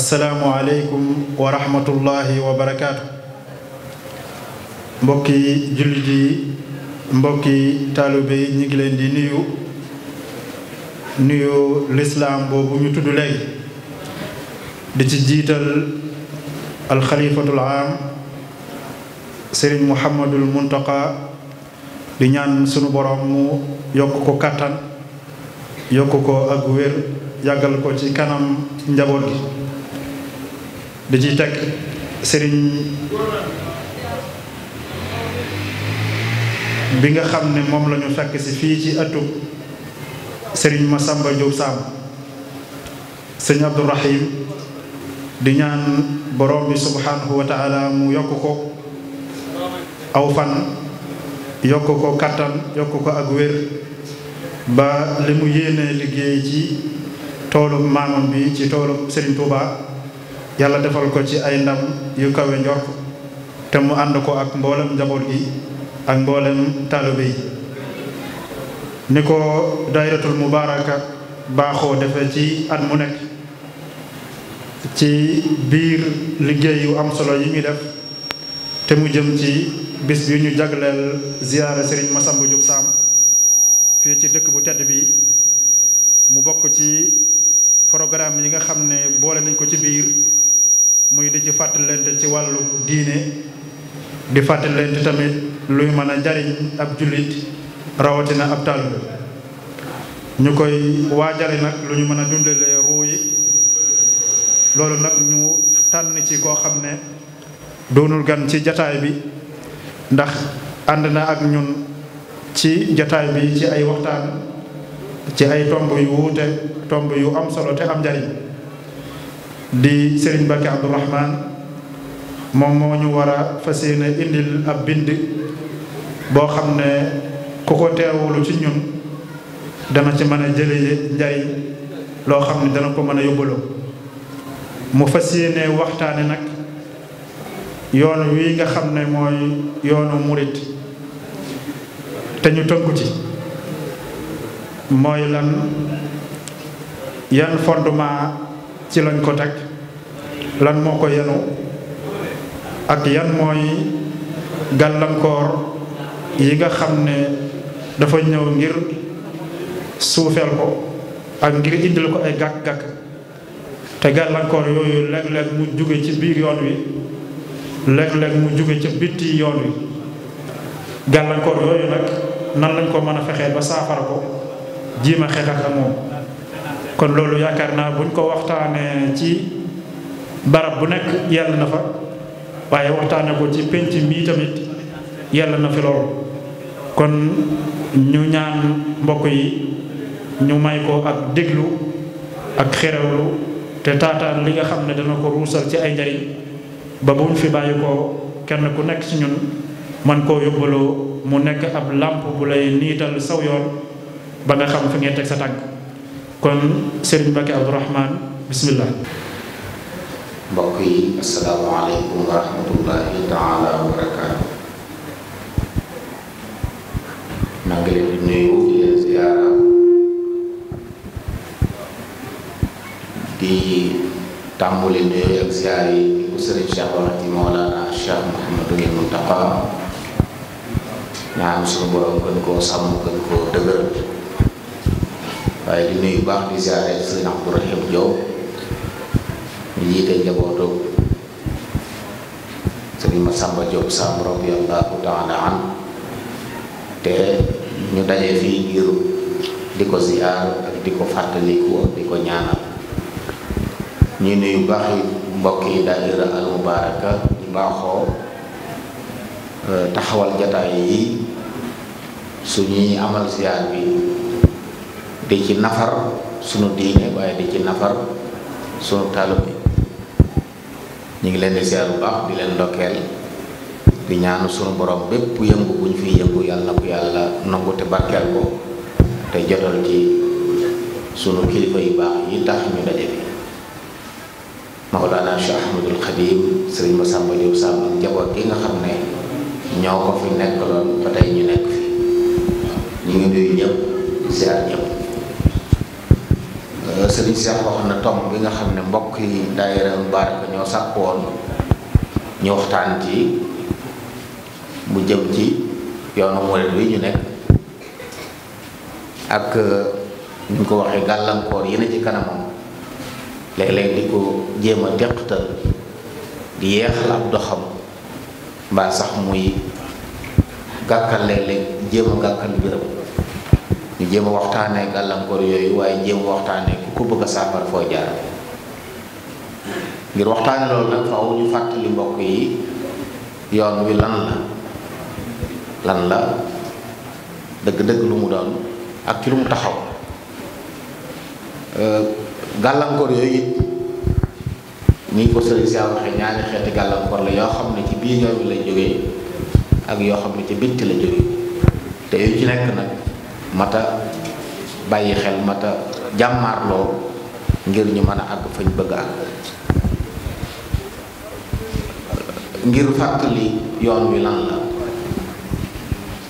asalaamualeykum wa rahmatullahi wa barakaatu mbokki jullit yi mbokki taalibe yi ñu ngi leen di nuyu nuyu lislaam boobu ñu tudd léegi di ci jiital alxalifatul aam sëriñ muhammadul muntaqa di ñaan sunu borom mu yokk ko kàttan yokk ko ak wér yàggal ko ci kanam njaboot gi di ci teg sëriñ bi nga xam ne moom lañu ñu fekk si fii ci ëttub sëriñ Masamba Diop Sam sëriñ Abdourahim di ñaan borom bi subhanahu wa mu yokk ko aw fan yokk ko kattan yokk ko ak wér ba li mu yéene liggéey ci toolu maamam bi ci toolub sëriñ Touba yàlla defal ko ci ay ndam yu kawe njor te mu ànd ko ak mboolem njaboot gi ak mboolem taalibe yi ni ko dayratul mubaaraka baaxoo defe ci at mu nekk ci biir liggéey yu am solo yi ñuy def te mu jëm ci bis yu ñu jagleel ziyaara Serigne Massamba Diop Sam di fàttalante tamit luy mën a jariñ ab jullit rawatina ab taalibe ñu koy waajale nag lu ñu mën a dundalee ruu yi loolu nag ñu tànn ci koo xam ne doonul gan ci jataay bi ndax ànd na ak ñun ci jataay bi ci ay waxtaan ci ay tomb yu wuute tomb yu am solo te am njariñ di Serigne Mbacké Abdourahmane moom moo ñu war a fas yéene indil ab bind boo xam ne ku ko teewulu ci ñun dama ci mën a jële njariñ loo xam ne dana ko mën a yóbbaloo mu fas yéene waxtaane nag yoon wii nga xam ne mooy yoonu murit te ñu tënku ci mooy lan yan fondement ci lañ ko teg lan moo ko yenu ak yan mooy gàllankoor yi nga xam ne dafa ñëw ngir suufeel ko ak ngir indil ko ay gàkk-gàkk te gàllankoor yooyu léeg-léeg mu jóge ci biir yoon wi léeg mu jóge ci bitti yoon wi gàllankoor yooyu nag nan lañ ko mën a fexee ba saafara ko jiima xeex ak moom kon loolu yaakaar naa buñ ko waxtaanee ci barab bu nekk yàlla na fa waaye waxtaane ko ci penc mii tamit yàlla na fi kon ñu ñaan mbokk yi ñu may ko ak déglu ak xerewlu te taataan li nga xam ne dana ko ruusal ci ay njariñ ba buñ fi bàyyi ko kenn ku nekk ci ñun man koo yóbbaloo mu nekk ab làmp bu lay niital saw yoon ba nga xam fi sa tànk kon Serigne Mbacké Abdourahmane bismillah mbokk yi asalaamaaleykum wa rahmatullahi taala wa barakaatu di nuyu di leen ziyaara di tàmbali nuyu ak ziyaar yi di ko sëriñ Cheikh Mawlana Cheikh Mouhamadou Mountakha ñaan suñu borom gën koo sàmm gën koo dëgëral waaye di nuyu baax di ziyaare sëriñ Abdourahim Diop ñu yiite njabootu sëriñ Masamba Diop Samb ñu daje fii ngir di ko ziyaar ak ko fàttaliku di ko ñaanal ñu nuyu baax yi euh, taxawal jataay yi suñuy amal ziyaar bi di ci nafar sunu diine waaye di ci nafar sunu taalibe ñu ngi leen di ziar bu baax di leen ndokkeel di ñaanu sunu borom bépp yëngu bu ñu fi yëngu yàlla na ko yàlla nangu te barkeel ko te jotal ci sunu kilifa yu baax yi tax ñu daje bi Mawlana Cheikh Ahmadul Xadim Sëriñ Massamba Diop Samb ak njaboot gi nga xam ne ñoo ko fi nekkaloon ba tey ñu nekk fi ñu ngi nuyu ñëpp ziar ñëpp. Euh, sëriñ Cheikh wax na tomb bi nga xam ne mbokk yi daayira Mubaaraka ñoo sàkk woon ñu waxtaan ci mu jëm ci yoonu murid bi ñu nekk ak euh, ni ñu ko waxee gàllankoor yi ci kanamam léeg-léeg di ko jéem a teqtal di yeexal ab doxam mbaa sax muy gàkkal léeg-léeg gàkkal mbiram ñu jéem waxtaanee gàllankoor yooyu waaye jéem waxtaanee ku ko bëgg a saafara foo jaar ngir waxtaane loolu nag faaw ñu fàttali mbokk yi yoon wi lan la lan la dëgg-dëgg lu mu doon ak ci lu mu taxaw euh, gàllankoor yooyu it ni ko sëriñ si waxee ñaari xeeti gàllankoor la yoo xam ne ci biir yoon wi lay jógee ak yoo xam ne ci bitti la jógee te yu ci nekk nag mata bàyyi xel mata jàmmaarloo ngir ñu man a àgg fañ bëgg àgg ngir fàttali yoon wi lan la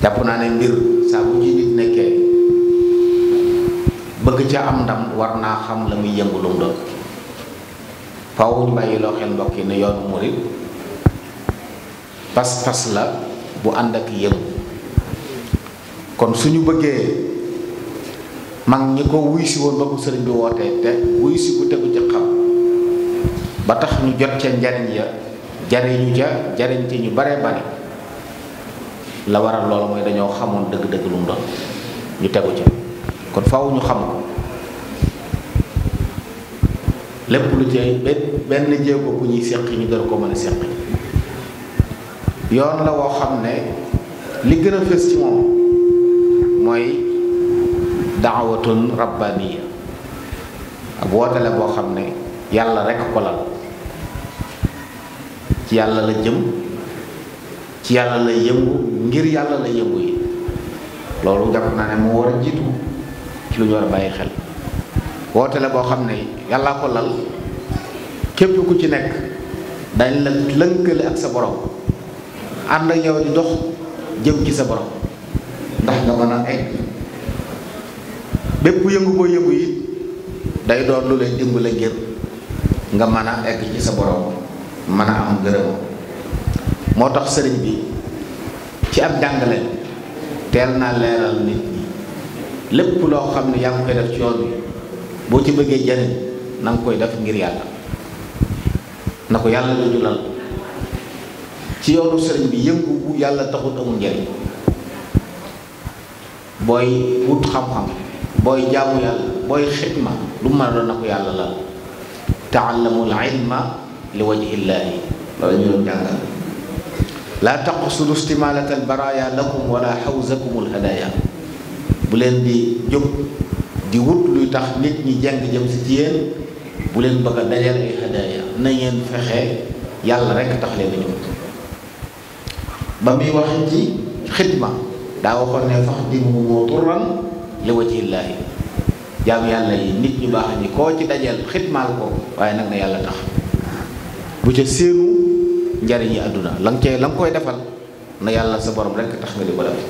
jàpp naa ne mbir saa ci nit nekkee bëgg ca am ndam war naa xam la muy yëngu mu doon faw ñu bàyyi loo xel mbokk ne yoonu murit pas-pas la bu ànd ak yëngu kon suñu bëggee mag ñi ko wuy woon ba ko sëriñ bi wootee te wuy si bu tegu ci xam ba tax ñu jot ca njariñ ya jariñu ja jariñ ci ñu bare bari la waral loolu mooy dañoo xamoon dëgg-dëgg lu mu doon ñu tegu ca kon faw ñu xam ko lépp lu jëy benn jéego bu ñuy séq ñu dara ko mën a séq yoon la woo xam ne li gën a fës ci moom mooy daawatun rabbaniya ak woote boo xam ne yàlla rekk ko lal ci yàlla la jëm ci yàlla la yëngu ngir yàlla la yëngu yi loolu jàpp naa ne mu war a jiitu ci lu ñu war a bàyyi xel woote la boo xam ne yàllaa ko lal képp ku ci nekk dañ la lënkale ak sa borom ànd ak yow di dox jëm ci sa borom ndax nga mën a egg bépp yëngu boo yëngu yi day doon lu lay dimbale ngir nga mën a egg ci sa borom mën a am gërëm moo tax sëriñ bi ci am jàngale teel naa leeral nit lépp loo xam ne yaa ngi koy def ci yoon boo ci bëggee jariñ na koy def ngir yàlla na ko yàlla la julal ci yoonu sëriñ bi yëngu bu yàlla taxut amul njariñ booy wut xam-xam booy jaamu yàlla booy xidma lu mën a na ko yàlla la taallamul ilma li wajhillaahi loolu ñu doon jàngal laa lakum wala xawzakum alhadaaya bu leen di jóg di wut luy tax nit ñi jàng jëm si ci yéen bu leen bëgg a dajal ay hadaaya na ngeen fexe yàlla rekk tax leen a jóg ba muy wax ci xidma daa waxoon ne sax di mu moo turan li wajhillaahi jaam yàlla yi nit ñu baax ñi koo ci dajeel xitmaal ko waaye nag na yàlla tax bu ca séenu njariñ yi àdduna lan nga cee koy defal na yàlla sa borom rekk tax nga di ko def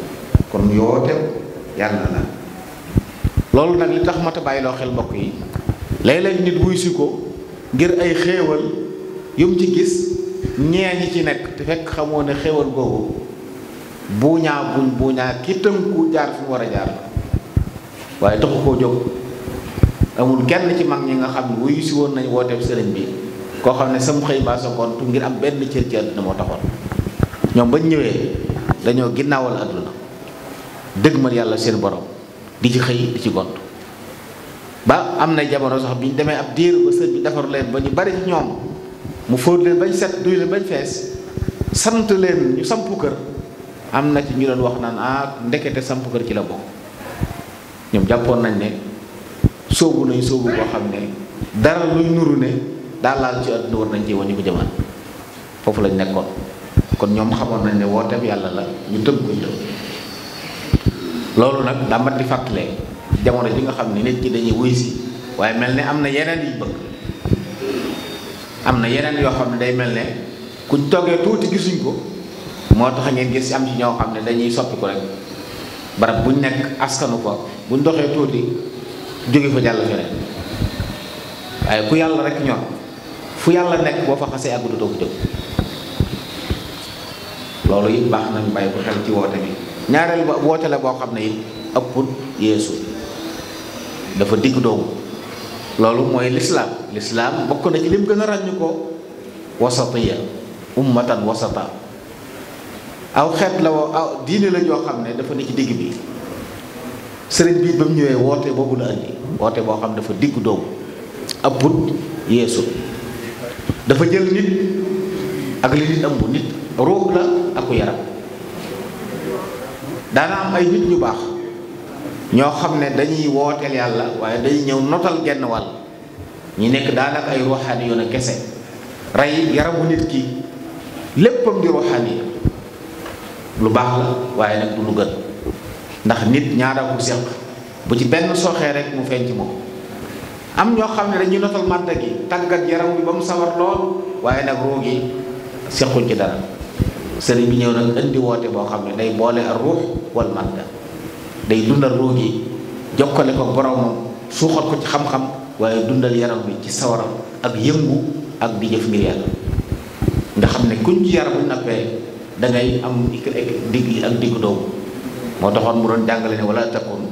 kon yooteem yàlla la loolu nag li tax mat a bàyyiloo xel mbokk yi léeg-léeg nit wuy si ko ngir ay xéewal yum ci gis ñee ñi ci nekk te fekk xamoo ne xéewal googu buuñaa buñ buuñaa ki tënku jaar fu mu war a jaar waaye taxu koo jóg amul kenn ci mag ñi nga xam ne wuyu si woon nañ wooteeb sëriñ bi koo xam ne sam xëy mbaa sa ngoon ngir am benn cër ci àdduna moo taxoon ñoom bañ ñëwee dañoo ginnaawal àdduna ma yàlla seen borom di ci xëy di ci gont ba am na jamono sax bi ñu demee ab diir ba sëriñ bi defar leen ba ñu bari ci ñoom mu fóot leen bañ set duy leen bañ fees sant leen ñu sampu kër am na ci ñu doon wax naan ah ndekete samp kër ci la bokk ñoom jàppoon nañ ne soobu nañ sóobu koo xam ne dara luy nuru ne daal laal ci àdduna war nañ ci wañu ko jëman foofu lañ nekkoon kon ñoom xamoon nañ ne wooteem yàlla la ñu tëb ko loolu nag daa di fàttalee jamono ji nga xam ni nit ñi dañuy wuy si waaye mel ne am na yeneen yu bëgg am na yeneen yoo xam ne day mel ne kuñ toggee tuuti gisuñ ko moo tax ngeen gis am ci ñoo xam ne dañuy ko rek barab buñ nekk askanu ko buñ doxee tuuti jóge fa jàll feneen waaye ku yàlla rek ñor fu yàlla nekk boo fa xasee àggutu doo ko jóg loolu it baax nañ bàyyi ko xel ci woote bi ñaareel ba woote la boo xam ne yi ëppul yeesu dafa digg doomu loolu mooy lislaam lislaam bokk na ci lim gën a ràññ ko wasatiya ummatan wasata aw xeet la woo aw diine la ñoo xam ne dafa ne ci digg bi sëriñ bii ba mu ñëwee woote boobu la andi woote boo xam dafa digg doomu ëpput yeesu dafa jël nit ak li nit ëmb nit ruux la aku yaram daana am ay nit ñu baax ñoo xam ne dañuy wooteel yàlla waaye day ñëw notal genn wàll ñu nekk daanaka ay ruuxaani yoon a kese rey yaramu nit ki léppam di ruuxaani lu baax la waaye nag du lu gën ndax nit ñaara ko seq bu ci benn soxee rek mu feeñ ci moom am ñoo xam ne dañuy notal màtta gi tàggat yaram bi ba mu sawar lool waaye nag ruux gi ci dara sëriñ bi ñëw nag indi woote boo xam ne day boole ak ruux wal màtta day dundal ruux gi jokkale ko boromam suuxat ko ci xam-xam waaye dundal yaram bi ci sawaram ak yëngu ak di jëf ngir nga xam ne kuñ ci yaram bu nappee dangay am digg ak digg doomu moo taxoon mu doon jàngale ne wala takun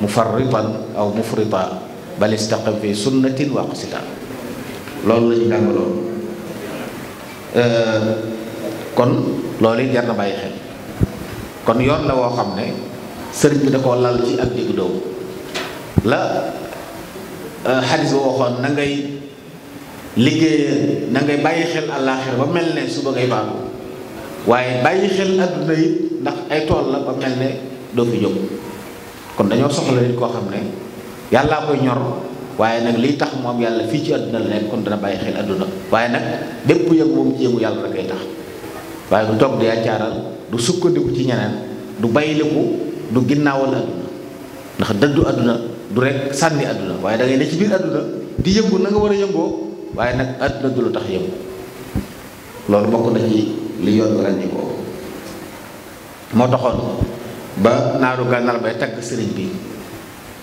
mufarritan aw mufrita bal istaqim fi sunnatin wa qsita loolu la ñu jàngaloon euh, kon loolu it jar na bàyyi xel kon yoon la woo xam ne sëriñ bi da koo lal ci ak digg doomu la xadis euh, ba waxoon na ngay liggéey na ngay bàyyi xel àllaaxira ba mel ne suba ngay baabu waaye bàyyi xel àdduna yi ndax ay tool la ba mel ne doo fi jóg kon dañoo soxla nit koo xam ne yàllaa koy ñor waaye nag liy tax moom yàlla fii ci àdduna la nekk kon dana bàyyi xel àdduna waaye nag bépp yëngu moom ci yëngu yàlla rek ay waaye du toog di du sukkandiku ci ñeneen du bayiliku du ginnaawal ndax dëddu àdduna du rek sànni àdduna waaye da ne ci biir àdduna di yëngu na war a yëngoo waaye nag àdduna du lu tax yëngu loolu bokk na ci li yoon ràññi ko moo taxoon ba naaru gànnaar bay tagg sëriñ bi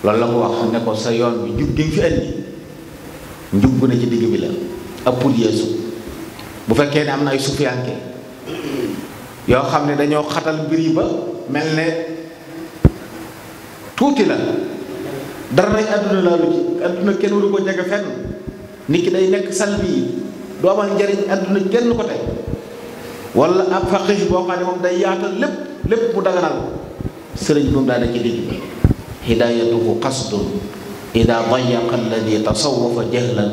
loolu la ko wax ne sa yoon bi jub gi nga fi indi njub ne ci digg bi la ab pour yeesu bu fekkee ne am na ay sufiyanke yoo xam ne dañoo xatal mbir yi ba mel ne tuuti la dara nañ àdduna laalu ci àdduna kenn waru ko jege fenn nit ki day nekk salbi yi doo amal njariñ àdduna kenn ko tey wala ak faqih boo xam ne moom day yaatal lépp lépp mu daganal ko sëriñ bu mu daane ci digg bi hidaayatuhu qasdun ida dayaqa alladi tasawafa jahlan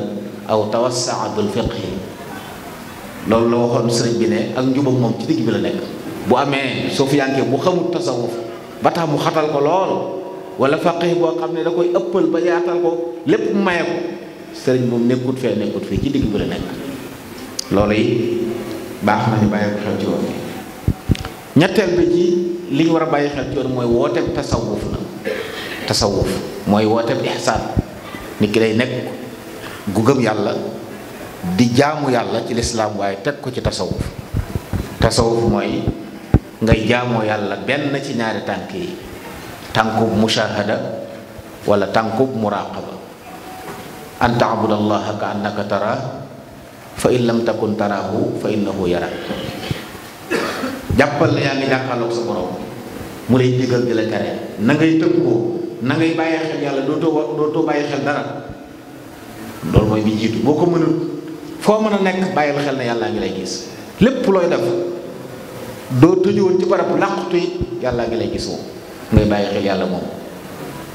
aw tawassaa bil fiqhi loolu la waxoon sëriñ bi ne ak njubam moom ci digg bi la nekk bu amee sufiyanke bu xamul tasawuf ba tax mu xatal ko lool wala faqih boo xam ne da koy ëppal ba yaatal ko lépp mu ko sëriñ moom nekkut fee nekkut fii ci digg bi la nekk loolu yi baax nañu bàyyi ko xel ci yoon ñetteel bi ci li ñu war a bàyyi xel ci yoon mooy wooteeb tasawuf na tasawuf mooy wooteeb ihsaan nit ki day nekk gu gëm yàlla di jaamu yàlla ci lislaam waaye teg ko ci tasawuf tasawuf mooy ngay jaamoo yàlla benn ci ñaari tànk yi tànkub mushahada wala tànkub muraqaba an taabudallaha ka annaka tara fa in lam takun taraahu fa innahu yarak jàppal yaa ngi jàkkaarloog sa borom mu lay digal di la tere na ngay tënkoo na bàyyi xel yàlla dootoo wa bàyyi xel dara loolu mooy bi jiitu boo ko mënul foo mën a nekk bàyyil xel na yàlla ngi lay gis lépp looy def doo tëjuwoon ci barab làqutu yi yàllaa ngi lay gis moom ngay bàyyi xel yàlla moom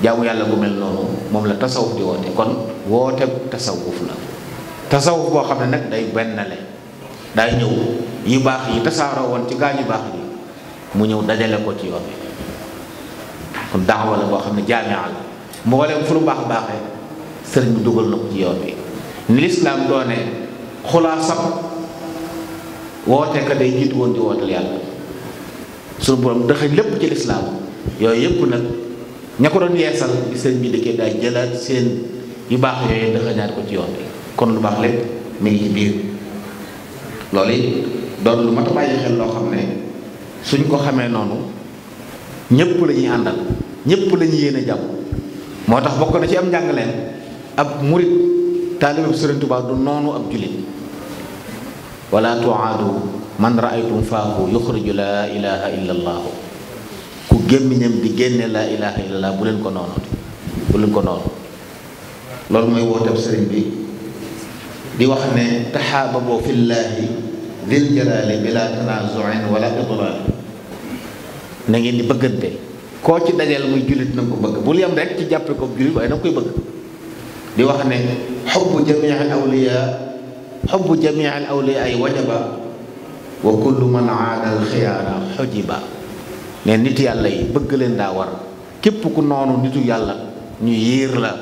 jaamu yàlla gu mel noonu moom la tasawuf di woote kon woote tasawuf la tasawuf boo xam ne nag day benn le day ñëw yu baax yi tasaaroo woon ci gaañu baax yi mu ñëw dajale ko ci yoon bi kon daawa boo xam ne jaamia la mboolem fu lu baax baaxee sëriñ bi dugal na ko ci yoon bi ni lislaam doone xulaasam woo ka day jiitu woon di wootal yàlla suñu borom dëxëñ lépp ci lislaam yooyu yëpp nag ña ko doon yeesal di sëriñ bi dëkkee day jëlaat seen yu baax yooyu dëxëñaat ko ci yoon bi kon lu baax lépp mi ngi ci biir loolu it doon lu mat a xel loo xam ne suñ ko xamee noonu ñëpp la ñuy àndal ñëpp la ñuy yéen a jàpp moo tax bokk na ci am njàngaleen ab murit taalibeeb Sëriñ Tuubaa du noonu ab jullit wala tuaadu man raaytum faahu yuxriju laa ilaha illa ku gémmiñam di génne laa ilaha illa bu leen ko noonu bu loolu mooy wooteeb sëriñ bi di wax ne taxaababo fillaahi dil jalaali bila tanazuin wala idlaal na ngeen di bëggante koo ci dajal muy jullit na nga ko bëgg bul yam rek ci jàppe ko jullit waaye na nga koy bëgg di wax ne xubbu jamii al awliyaa xubbu jamii awliyaa ay wajaba wa kullu man aada xiyaara xujiba ne nit yàlla yi bëgg leen daa war képp ku noonu nitu yàlla ñu yiir la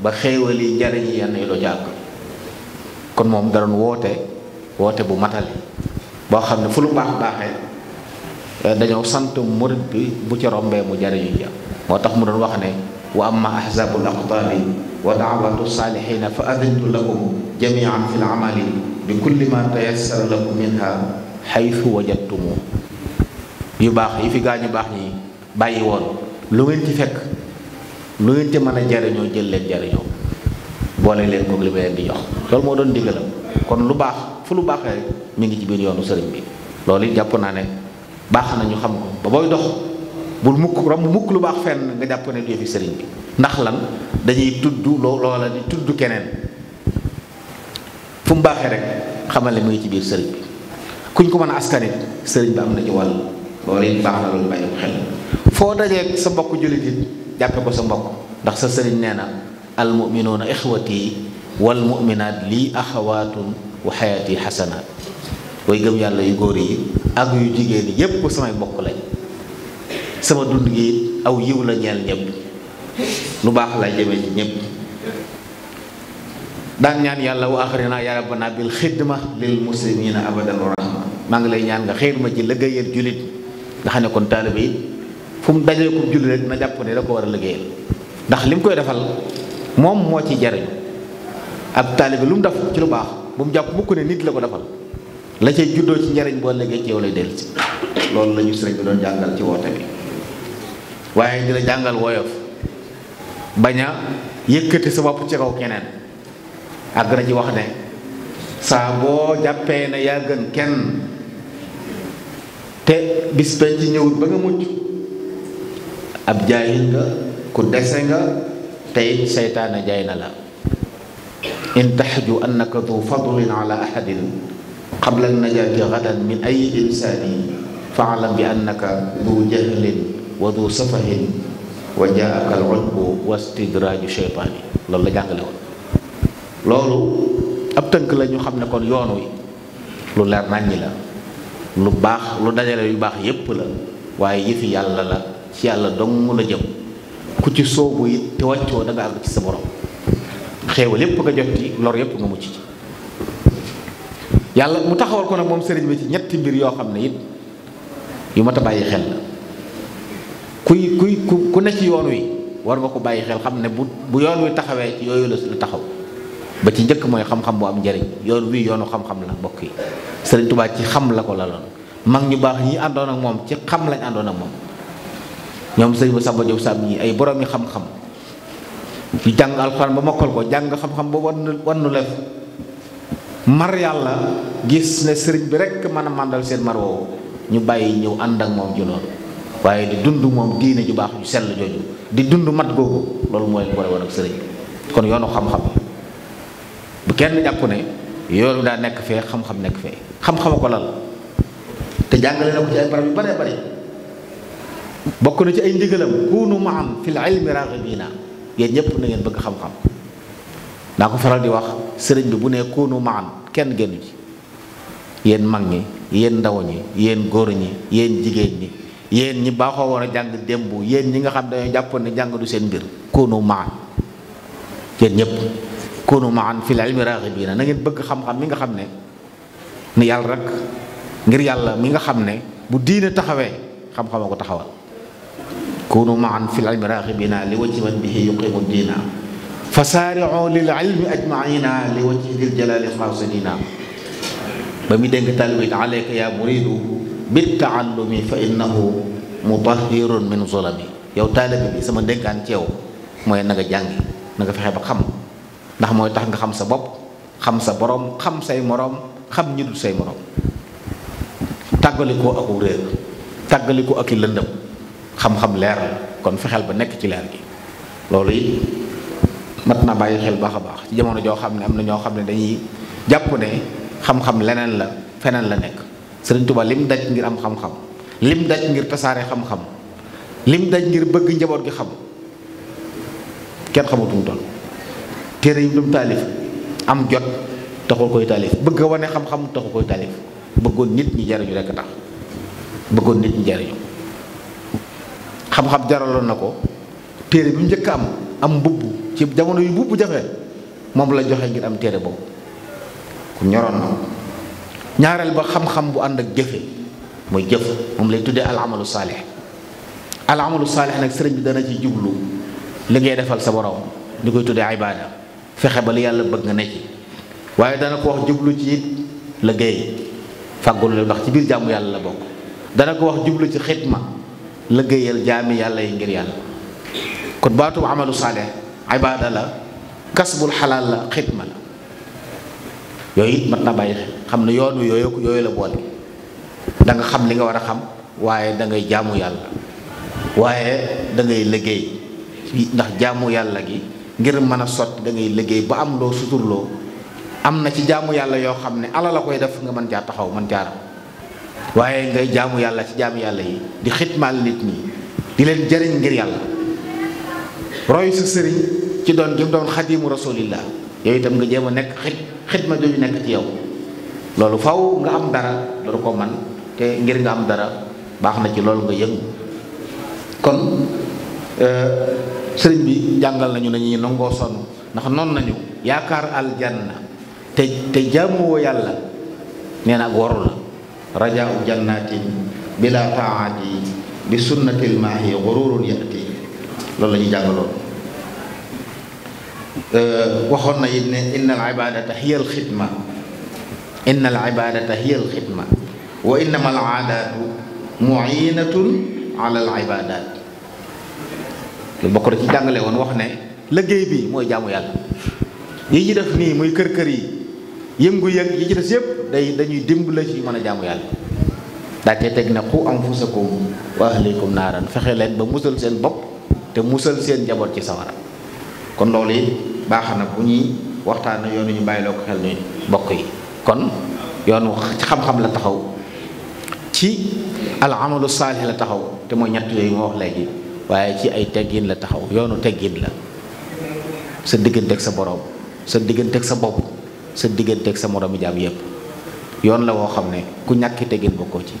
ba xéewal yi njariñ yi yi doo jàkk kon moom da doon woote woote bu matale boo xam ne fu lu baax baaxee eh, dañoo sant murit bi bu ci rombee mu jariñu ja moo tax mu doon wax ne wa amma ahzabul aqtabi wa daawatu saalihina fa adintu lakum jamian fi l amali bi kulli ma tayassara lakum minha xaytu wajadtumu yu baax yi fi gaa baax ñi bàyyi woon lu ngeen ci fekk lu ngeen ci mën a jariñoo jël leen jariñoo boole leen koog li ba leen di jox loolu moo doon diggalam kon lu baax fu lu baaxee rek mi ngi ci biir yoonu sëriñ bi loolu it jàpp naa ne baax na ñu xam ko ba booy dox bul mukk romb mukk lu baax fenn nga jàpp ne du fi sëriñ bi ndax lan dañuy tudd loo loola di keneen fu baaxee rek xamal ne mu ngi ci biir sëriñ kuñ ko mën a askanit sëriñ bi am na ci wàll loolu it baax na loolu bàyyi ko xel foo dajee sa mbokk jullit it jàppe ko sa mbokk ndax sa sëriñ nee na almuminuuna ixwati wal muminaat lii axawaatun wa xayaati xasanaat way gëm yàlla yu góor yi ak yu jigéen yépp samay mbokk lañ sama dund gi aw yiw la ñeel ñëpp lu baax lay jëme ci ñëpp daan ñaan yàlla wa axrina ya rabbana bil xidma lil muslimina abadan wa rahma maa ngi lay ñaan nga xéer ma ji liggéeyal jullit nga xam ne kon taalibe it fu mu dajee ko jullit rek na jàpp ne da ko war a liggéeyal ndax lim koy defal moom moo ci jariñu ab taalibe lu mu def ci lu baax bu mu jàpp mukk ne nit la ko defal la cay juddoo ci njariñ boo léegi ci yow lay dellu si loolu la ñu bi doon jàngal ci woote bi waaye dina jàngal woyof bañ a yëkkati sa bopp ci kaw keneen àgg na ci wax ne saa boo jàppee ne yaa gën kenn te bis penc ci ñëwut ba nga mucc ab jaayin ku dese nga tey seytaane jaay na la in taxju annaka du fadlin ala ahadin qabla najaati gadan min ay insani faalam bi annaka du jahlin wa du safahin wa jaaka al ujbu wa stidraaju sheytaani loolu la jàngale ab tënk la ñu xam ne yoon wi lu leer nàññi la lu baax lu dajale yu baax yépp la waaye yëfi yàlla la ci yàlla dong la jëm ku ci soobu it te wàccoo da nga àgg ci sa borom xéewal yépp nga jot ci lor yépp nga mucc ci yàlla mu taxawal ko nag moom sëriñ bi ci ñetti mbir yoo xam ne it yu mat a bàyyi xel kuy kuy ku ku ne ci yoon wi war nga ko bàyyi xel xam ne bu bu yoon wi taxawee ci yooyu la la taxaw ba ci njëkk mooy xam-xam bu am njariñ yoon wii yoonu xam-xam la mbokk yi sëriñ Tuubaa ci xam la ko laloon mag ñu baax ñi àndoon ak moom ci xam lañ àndoon ak moom ñoom sëñ Samba Diop Samb ñi ay borom yi xam-xam ñu jàng alxuraan ba mokkal ko jàng xam-xam ba wan wannu lef mar yàlla gis ne sëriñ bi rekk mën a màndal seen mar woowu ñu bàyyi ñëw ànd ak moom ji loolu waaye di dund moom diine ju baax ju sell jooju di dund mat googu loolu mooy leen boole woon ak sëriñ kon yoonu xam-xam bu kenn jàpp ne yoonu daa nekk fee xam-xam nekk fee xam-xama ko lal te jàngale na ko ci barab yu bare bare bokk na ci ay ndigalam kunu ma'an fil ilmi bii yéen ñëpp na nangeen bëgg xam-xam daa ko faral di wax sëriñ bi bu nee kunu ma'an kenn génnu ci yéen mag ñi yéen ndaw ñi yéen góor ñi yéen jigéen ñi yéen ñi baaxoo woon a jàng démb yéen ñi nga xam dañoo jàppoon ne jàng seen mbir kunu ma'an yéen ñëpp kunu ma'an fil ilmi raghibina na ngeen bëgg xam mi nga xam ne ni yàlla rek ngir yàlla mi nga xam ne bu diine taxawee xam-xam a ko taxawal kunu maan fi lilmi raaxibina li wajhi man bihi yuqimu diina fasaariu lil ilmi ajmaina li wajhi dil jalaali xaasidina ba mu dénk taalibe yi yaa muridu bit taallumi bi sama dénkaan ci yow mooy na nga jàngi na fexe ba xam ndax mooy tax nga xam sa bopp xam sa borom xam say moroom xam ñi dul say moroom tàggalikoo aku réer tàggalikoo ak i lëndëm xam-xam leer la kon fexeel ba nekk ci leer gi loolu yi mat na bàyyi xel baax a baax ci jamono joo xam ne am na ñoo xam ne dañuy jàpp ne xam-xam leneen la feneen la nekk Sëriñ Tuubaa lim daj ngir am xam-xam lim daj ngir tasaare xam-xam lim ngir bëgg njaboot gi xam kenn xamutum toll téere yi mu taalif am jot taxul koy taalif bëgg a wane xam-xam taxul koy taalif bëggoon nit ñi jariñu rekk tax bëggoon nit ñi jariñu xam-xam jaraloon na ko téere bi mu njëkk am am mbubb ci jamono yu mbubb jafe moom la joxe ngir am téere boobu ku ñoroon na ñaareel ba xam-xam bu ànd ak jëfe mooy jëf moom lay tuddee al amalu saalix al amalu saalix nag sëriñ bi dana ci jublu li ngay defal sa borom li koy tuddee ibaada fexe ba li yàlla bëgg na ne ci waaye dana ko wax jublu ci it liggéey fàggul la ndax ci biir jàmm yàlla la bokk dana ko wax jublu ci xitma lëggéeyal jaami yàlla yi ngir yàlla kon baatub amalu saaleh ibaada la kasbul xalaal la xidma la yooyu it mat na bàyyi xam ne yoonu yooyu yooyu la bool da nga xam li nga war a xam waaye dangay ngay jaamu yàlla waaye dangay ngay liggéey ndax jaamu yàlla gi ngir mën a sotti da ngay liggéey ba am loo suturloo am na ci jaamu yàlla yoo xam ne ala la koy def nga mën jaa taxaw mën jaar waaye ngay jaamu yàlla ci jaamu yàlla yi di xitmaal nit ñi di leen jëriñ ngir yàlla roy sa sëriñ ci doon jëm doon xadimu rasulillah yow itam nga jéem a nekk xit xitma jooju nekk ci yow loolu faw nga am dara loolu ko man te ngir nga am dara baax na ci loolu nga yëngu kon euh, sëriñ bi jàngal nañu nañuy nangoo sonn ndax noon nañu yaakaar na te te jaamuwoo yàlla nee na ak waru la rajaau jannatin bila taati bi sunnatil maahi gururun yati loolu lañuy ñu euh, waxoon na it ne inna al ibadata hiya al xidma inna al ibadata hiya al xidma wa bokk na ci jàngale wax ne liggéey bi mooy jaamu yàlla yi ñu def nii muy kër kër yi yëngu-yëng yi ci yëpp day dañuy dimbali ci mën a jaamu yàlla daa cee teg ne qu anfusakum wa ahlikum naaran fexe leen ba musal seen bopp te musal seen njaboot ci sawara kon loolu it baax na bu ñuy waxtaan na yoonu ñu bàyyi bàyyiloo ko xel ni bokk yi kon yoonu xam-xam la taxaw ci al amalu saalih la taxaw te mooy ñett yooyu ma wax léegi waaye ci ay teggin la taxaw yoonu teggin la sa digganteeg sa boroom sa digganteeg sa bopp sa digganteeg sa moroomi jaam yépp yoon la woo xam ne ku ñàkki teggin bokkoo ci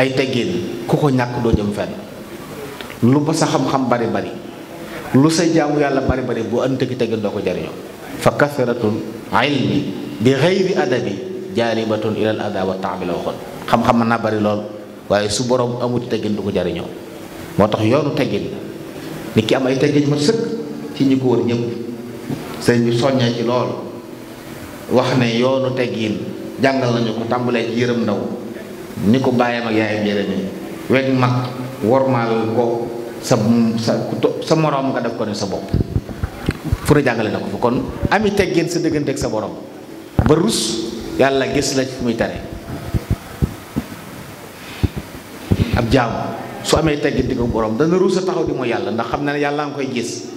ay teggin ku ko ñàkk doo jëm fenn lu ba sa xam-xam bari bari lu sa jaamu yàlla bari bari bu ënt ki teggin doo ko jariñoo fa kasratun ilmi bi xayri adabi jaalibatun ilal ada wa bi la waxoon xam-xam mën naa bari lool waaye su borom amuti teggin du ko jariñoo moo tax yoonu teggin nit ki am ay teggin ma sëkk ci ñi ko wër ñëpp sëñ bi soññee ci loolu wax ne yoonu teggiin jàngal nañu ko tàmbalee ci yërëm ndaw ni ko bàyyam ak yaayam yërëme wekk mag wormaal ko sa moroom nga def ko ne sa bopp fu ne jàngale na ko fa kon ami teggiin sa diggante ak sa borom ba rus yàlla gis la fu muy tare ab jaamu su amee teggin di ko borom rus a taxaw di mooy yàlla ndax xam ne yàlla nga koy gis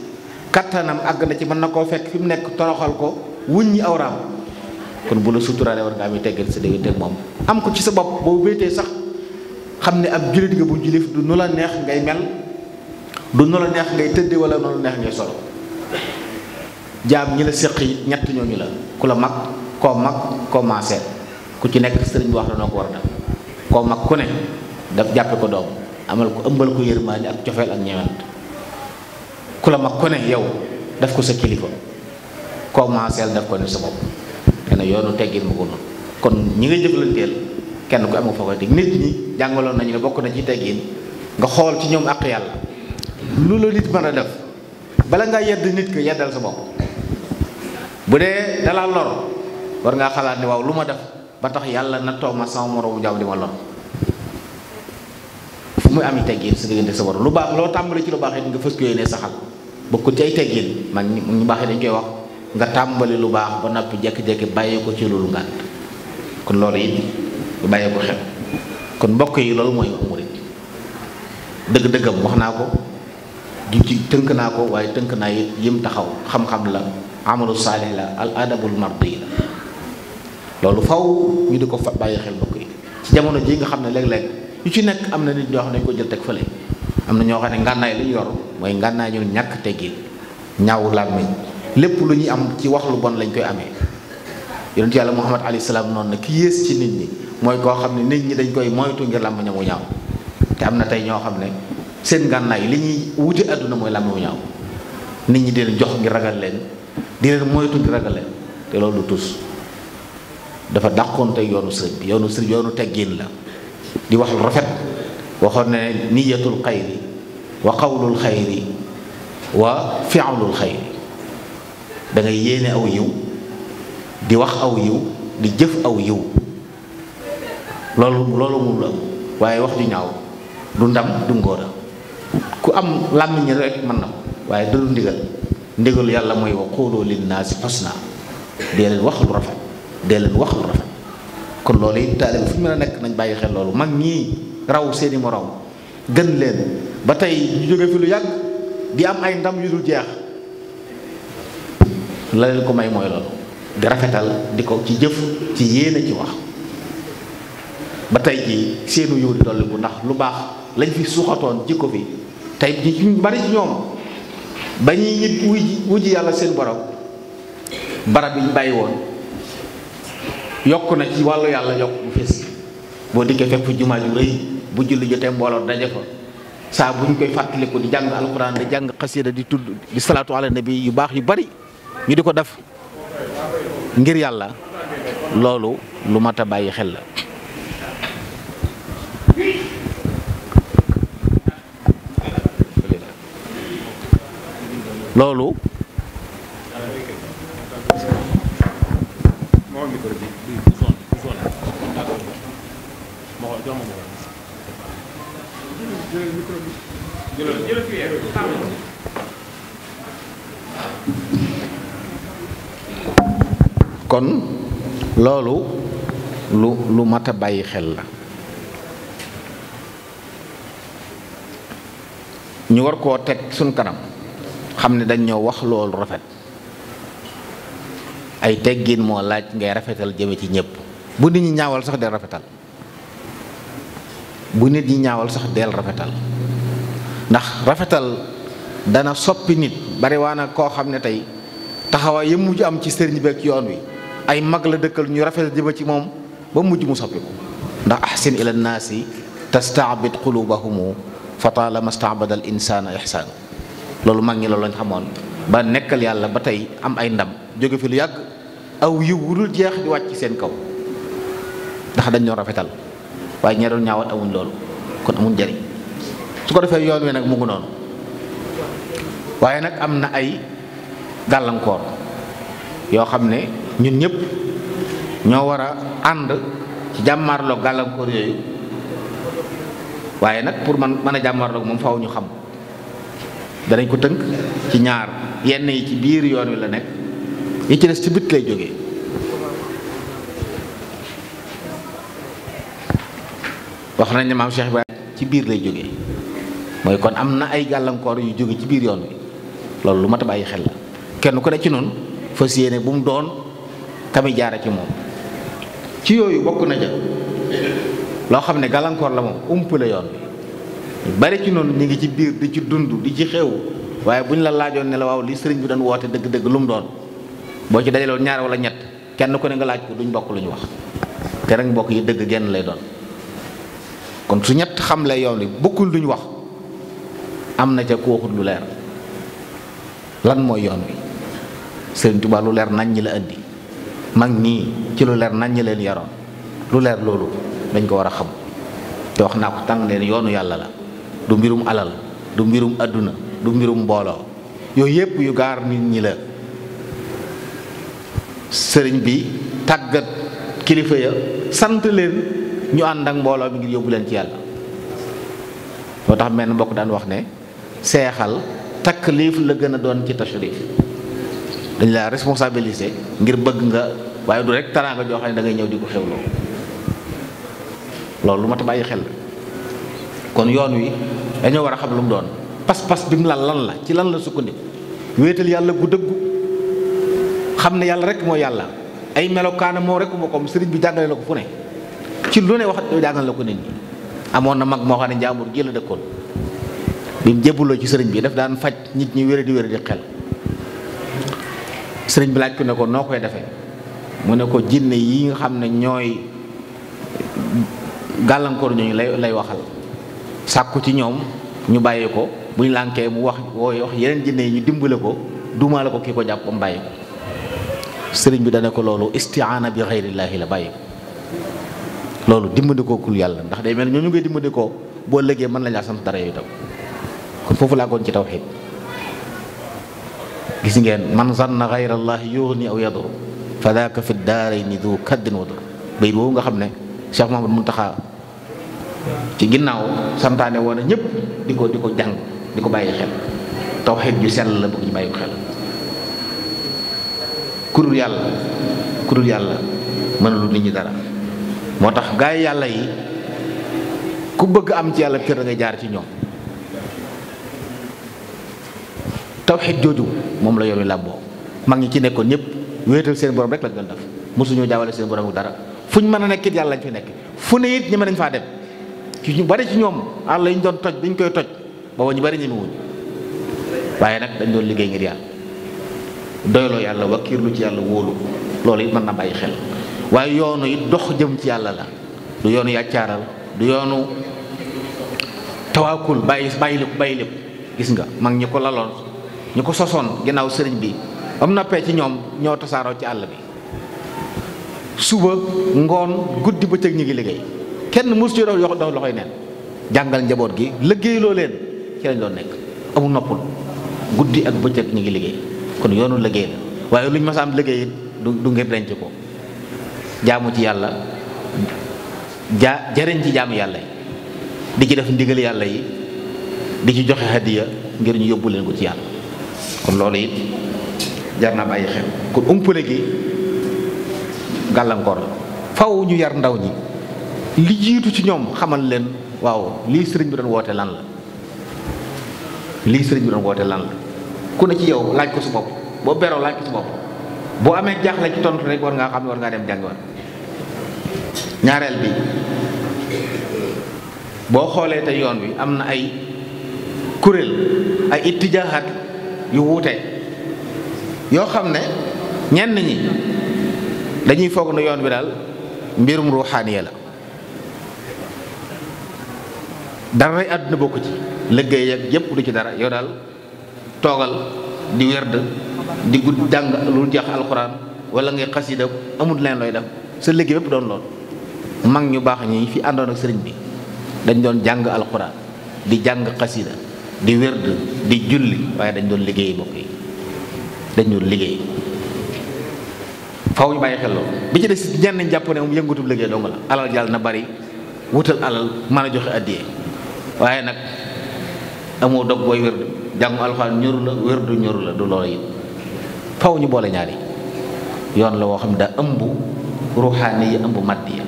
kattanam àgg na ci mën na koo fekk fi mu nekk toroxal ko wuññi awraam kon bu la suturaale war nga am teggal sa diggante ak moom am ko ci sa bopp boo wéetee sax xam ne ab jullit nga bu jilif du nu la neex ngay mel du nu la neex ngay tëdde wala nu la neex ngay solo jaam ñi la séq yi ñett ñooñu la ku la mag koo mag koo maasee ku ci nekk sëriñ bi wax la noo ko war a def koo mag ku ne daf jàppe ko doom amal ko ëmbal ko yërmaande ak cofeel ak ñeewant ku la mag ku ne yow daf ko sa kilifa commencé daf ko sa bopp nee na yoonu teggin mu ko kon ñi nga jëflanteel kenn ku am nga foo teg nit ñi jàngaloon nañu ne bokk na ci teggin nga xool ci ñoom àq yàlla lu la nit mën a def bala ngaa yedd nit ko yeddal sa bopp bu dee dalaa lor war ngaa xalaat ne waaw lu ma def ba tax yàlla na toog ma sama moroomu jaam di ma lor fu muy am teggin sa diggante sa borom lu baax loo tàmbali ci lu baax nga fës ko yéene bokkul ci ay teggin man ñu baax baaxee dañ koy wax nga tàmbali lu baax ba noppi jékki-jékki bàyyi ko ci loolu ngànt kon loolu it bu bàyyee ko xel kon mbokk yi loolu mooy murit dëgg-dëggam wax naa ko du ci tënk naa ko waaye tënk naa it yim taxaw xam-xam la amalu saalih la al adabul mardi la loolu faw ñu di ko fa bàyyi xel mbokk yi ci jamono ji nga xam ne léeg-léeg yu ci nekk am na nit ñoo xam ne ko jël teg fële am na ñoo xam ne ngànnaay li yor mooy ngànnaañu ñàkk teggin ñaaw làmmiñ lépp lu ñuy am ci wax lu bon lañ koy amee yonentu yàlla muhammad alayhi salaam noonu na yées ci nit ñi mooy koo xam ne nit ñi dañ koy moytu ngir làmmiñam wu ñaaw te am na tey ñoo xam ne seen ngànnaay li ñuy wute àdduna mooy làmmiñ wu ñaw nit ñi di leen jox ngir ragal leen di leen moytu ngir ragal leen te loolu tus dafa dàqoon tey yoonu sëriñ yoonu sëriñ yoonu teggin la di wax lu rafet waxoon ne niyatul xayri wa qawlul xayri wa fi'lul xayri da ngay yéene aw yiw di wax aw yiw di jëf aw yiw loolu loolu moom la waaye wax ju ñaaw du ndam du ngóora ku am làmmiñ rek man na ko waaye du ndigal ndigal yàlla mooy wa quulu linnaasi xusna dee leen wax lu rafet dee leen wax lu rafet kon loolu it taalibe fu ñu mën nekk nañ bàyyi xel loolu mag ñii raw seeni moroom gën leen ba tey ñu jóge fi lu yàgg di am ay ndam yu dul jeex la leen ko may mooy loolu di rafetal di ko ci jëf ci yéene ci wax ba tey ji seenu yiw di dolli bu ndax lu baax lañ fi suuxatoon jikko bi tey ñu bari ci ñoom ba ñuy nit wuj wujj yàlla seen borom barab yi ñu bàyyi woon yokk na ci wàllu yàlla yokk bu fees boo dikkee fekk fu jumaa ju rëy bu julli jotee mbooloo daje fa saa bu ñu koy fàttaliku di jàng alxuraan di jàng xasida di tudd salaatu ala bi yu baax yu bari ñu di ko def ngir yàlla loolu lu mat a bàyyi xel la. loolu. kon loolu lu lu mat a bàyyi xel la. ñu war koo teg suñ kanam xam ne dañ ñoo wax loolu rafet ay teggin moo laaj ngay rafetal jëme ci ñëpp bu nit ñi ñaawal sax de rafetal. bu nit ñi ñaawal sax deel rafetal ndax rafetal dana soppi nit bari waa nag koo xam ne tey taxawaay ya mujj am ci sëriñ bi ak yoon wi ay mag la dëkkal ñu rafetal jëma ci moom ba mujj mu soppiku ndax ahsin ila naasi tastaabid qulubahumu fa taalama staabada al insaana ihsaanu loolu mag ñi loolu lañ xamoon ba nekkal yàlla ba tey am ay ndam jóge fi lu yàgg aw yu wu jeex di wàcc seen kaw ndax dañ rafetal waaye ña doon ñaawal amuñ loolu kon amuñ njëriñ su ko defee yoon wi nag mu ngi noonu waaye nag am na ay gàllankoor yoo xam ne ñun ñëpp ñoo war a ànd ci jàmmaarloog gàllankoor yooyu waaye nag pour man mën a jàmmaarloog moom faaw ñu xam danañ ko tënk ci ñaar yenn yi ci biir yoon wi la nekk yi ci des ci bit lay jóge wax nañ ne maam Cheikh Ibrahima ci biir lay jóge mooy kon am na ay gàllankoor yu jóge ci biir yoon wi loolu lu mat a bàyyi xel la kenn ku ne ci noonu fas yéene bu mu doon kami jaara ci moom ci yooyu bokk na ja loo xam ne gàllankoor la moom umpale yoon bi bari ci noonu ñu ngi ci biir di ci dund di ci xew waaye bu ñu la laajoon ne la waaw li sëriñ bi doon woote dëgg-dëgg lu mu doon boo ci dajaloon ñaar wala ñett kenn ku ne nga laaj ko duñu bokk lu ñu wax te mbokk yi dëgg genn lay doon kon su ñett xam la yoon li bokkul duñu wax am na ca ku waxut lu leer lan mooy yoon wi Sëriñ Tuubaa lu leer nañ la indi mag ñii ci lu leer nañ leen yaroon lu leer loolu dañ ko war a xam te wax naa ko tàng leen yoonu yàlla la du mbirum alal du mbirum àdduna du mbirum mbooloo yooyu yépp yu gaar nit ñi la sëriñ bi tàggat kilifa ya sant leen ñu ànd ak mbooloo mi ngir yóbbu leen ci yàlla moo tax mel mbokk daan wax ne seexal takk taklif la gën a doon ci tashrif dañ la responsabilisé ngir bëgg nga waaye du rek taraanga joo xam ne da ngay ñëw di ko xewloo loolu lu ma ta bàyyi xel kon yoon wi dañoo war a xam lu mu doon pas-pas bi mu la lan la ci lan la sukkandiku wéetal yàlla gu dëggu xam na yàlla rek mooy yàlla ay melokaana moom rek moo ko sëriñ bi jàngale la ko fu ne ci lu ne wax jàngal la ko nit ñi amoon na mag moo xam ne njaambur gi la dëkkoon bi mu ci sëriñ bi daf daan faj nit ñi wér di wér di xel sëriñ bi laaj ne ko noo koy defee mu ne ko jinne yi nga xam ne ñooy gàllankoor ñooñu lay lay waxal sàkku ci ñoom ñu bàyyi ko bu ñu lànkee mu wax wooy wax yeneen jinne yi ñu dimbale ko dumaale ko kii ko jàpp mu bàyyi ko sëriñ bi dana ko loolu istiaana bi xayrillaahi la bàyyi ko loolu dimbandikoo kul yàlla ndax day mel ñooñu ngay dimbandikoo boo lëggee mën la laa sant dara yooyu tam kon foofu laa goon ci tawxiid gis ngeen man zanna gayra allahi yughni aw yadur fa daaka fi daarayni du kaddin wadur bay boobu nga xam ne Cheikh Mahamad taxa ci ginnaaw santaane woon na di ko di ko jàng di ko bàyyi xel tawxiid ju sell la bëgg ñu bàyyi ko xel kudul yàlla kudul yàlla mënul nit ñi dara moo tax gaay yàlla yi ku bëgg am ci yàlla cër da ngay jaar ci ñoom tawxid jooju moom la yoon wi làmboo mag ñi ci nekkoon ñëpp wéetal seen borom rek la doon def mosuñoo jaawale seen borom dara fu ñu mën a nekkit yàlla lañ fi nekk fu ne it ñi mën nañ faa dem ci ñu bari ci ñoom àll yi ñu doon toj dañ koy toj booba ñu bari ñi mu wuñ waaye nag dañ doon liggéey ngir yàlla doyloo yàlla lu ci yàlla wóolu loolu it mën na bàyyi xel waaye yoonu yi dox jëm ci yàlla la du yoonu yàccaaral du yoonu tawaakul bàyyi bàyyi lépp gis nga mag ñi ko laloon ñi ko sosoon ginnaaw sëriñ bi am noppee ci ñoom ñoo tasaaroo ci àll bi suba ngoon guddi bëccëg ñu ngi liggéey kenn mos ci dox dox loxoy neen jàngal njaboot gi liggéey leen ci lañ doon nekk amul noppul guddi ak bëccëg ñu ngi liggéey kon yoonu liggéey la waaye luñ mas a am liggéey du du ngir denc ko jaamu ci yàlla jaa jariñ ci jaamu yàlla yi di ci def ndigal yàlla yi di ci joxe hadiya ngir ñu yóbbu leen ko ci yàlla kon loolu it jar na bàyyi xel kon umpale gi gàllankoor la faw ñu yar ndaw ñi li jiitu ci ñoom xamal leen waaw lii sëriñ bi doon woote lan la lii sëriñ bi doon woote lan la ku ne ci yow laaj ko su bopp boo beroo laaj ko su bopp boo amee jaaxle ci tontu rek war ngaa xam ne war ngaa dem jàngiwaat ñaareel bi boo xoolee te yoon wi am na ay kuréel ay ittijaahaat yu wuute yoo xam ne ñenn ñi dañuy foog na yoon wi daal mbirum ruuxaaniya la dara rey àdduna bokk ci liggéey yépp du ci dara yow daal toogal di werd di gudd jàng lu jeex alxuraan wala ngay xasida amul leen looy def sa liggéey bépp doon lool mag ñu baax ñi fi àndoon ak sëriñ bi dañ doon jàng alxuraan di jàng xasida di wérd di julli waaye dañ doon liggéey mbokk yi dañ doon liggéey faw ñu bàyyi xel ci des ñenn ñi jàpp ne moom yëngatub liggéey na bari wutal alal mën joxe addiye waaye nag amoo dog booy wérd jàngu alxuraan ñoru yi faw ñu boole ñaari yoon la woo xam ne daa ëmb ruuxaani yi ëmb màddi ya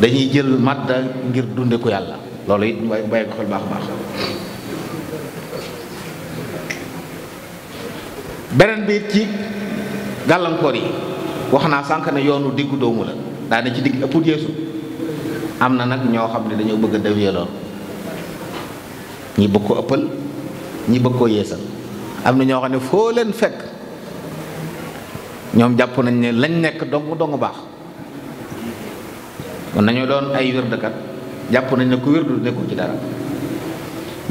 dañuy jël madda ngir dunde ko yàlla loolu it ñu bàyyi ko xel baax baax beneen bi ci gàllankoor yi wax naa sànq ne yoonu diggu doomu la daane ci digg ëpput yeesu am na nag ñoo xam ne dañoo bëgg a dévier loolu ñi bëgg ko ëppal ñi bëgg koo yeesal am na ñoo xam ne foo leen fekk ñoom jàpp nañ ne lañ nekk dong dong baax kon nañu doon ay wérdekat jàpp nañ ne ku wérdul nekkoo ci dara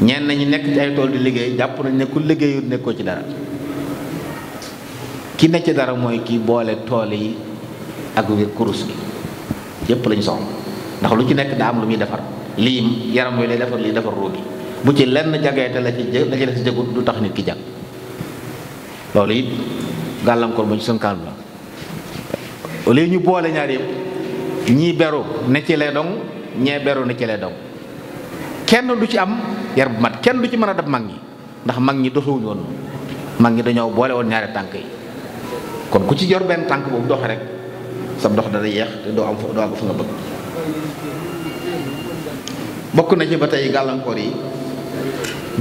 ñenn ñi nekk ci ay tool di liggéey jàpp nañ ne ku liggéeyut nekkoo ci dara ki ne ci dara mooy ki boole tool yi ak wér kurus gi yépp lañu soxla ndax lu ci nekk daa am lu muy defar lii yaram wi lay defar lii defar yi bu ci lenn jageete la ci jë la ci des du tax nit ki jag loolu it gàllankoor ba ci seen la au ñu boole ñaar yëpp ñii beru ne ci lee dong ñee beru ne ci dong kenn du ci am yar bu mat kenn du ci mën a dab mag ñi ndax mag ñi doxewuñu woon mag ñi dañoo boole woon ñaari tànk yi kon ku ci jor benn tànk boobu doxe rek sab dox dana yeex te doo am fa doo àgg fa nga bëgg bokk na ci ba tey gàllankoor yi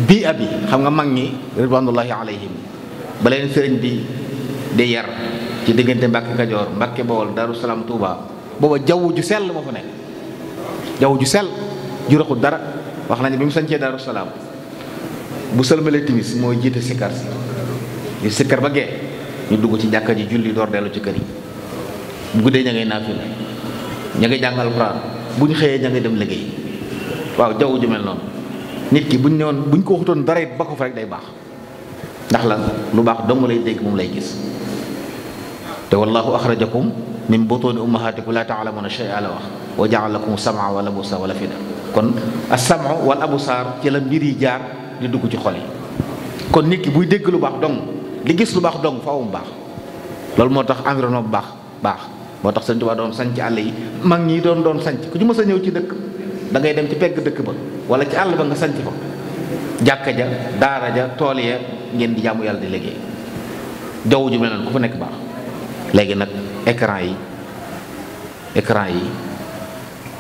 bii ab yi xam nga mag ñi ridwanullahi alayhim ba leen sëriñ di di yar ci diggante Mbàkke Kajoor Mbàkke Bawol Daaru Salaam Tuuba booba jaww ju sell moo fa nekk jaww ju sel ju raxul dara wax nañu bi mu sañcee Daaru Salaam bu sëlmalee timis mooy jiite sikkar si ñu sikkar ba gee ñu dugg ci jàkka ji julli door dellu ci kër yi bu guddee ña ngay naafil ña ngay jàngal Alxuraan bu ñu xëyee ña ngay dem liggéey waaw jaww ju mel noonu nit ki bu ñu newoon bu ñu ko waxutoon dara it ba ko fa rek day baax ndax la lu baax dong lay dégg moom lay gis te wallahu axrajakum min butuni ummahatikum la a shay'a la wax wa jaala lakum sama wala busa wala fida kon asama wala abusaar ci la mbir yi jaar di dugg ci xol yi kon nit ki buy dégg lu baax dong li gis lu baax dong faaw mu baax loolu moo tax environnement bu baax baax moo tax Sëñ Tuubaa doon sanc àll yi mag ñi doon doon sanc ku ci mës a ñëw ci dëkk da ngay dem ci pegg dëkk ba wala ci àll ba nga sañ fa jàkka ja daara ja tool ya ngeen di jaamu yàlla di liggéey jaww ju mel noonu nekk léegi nag écran yi écran yi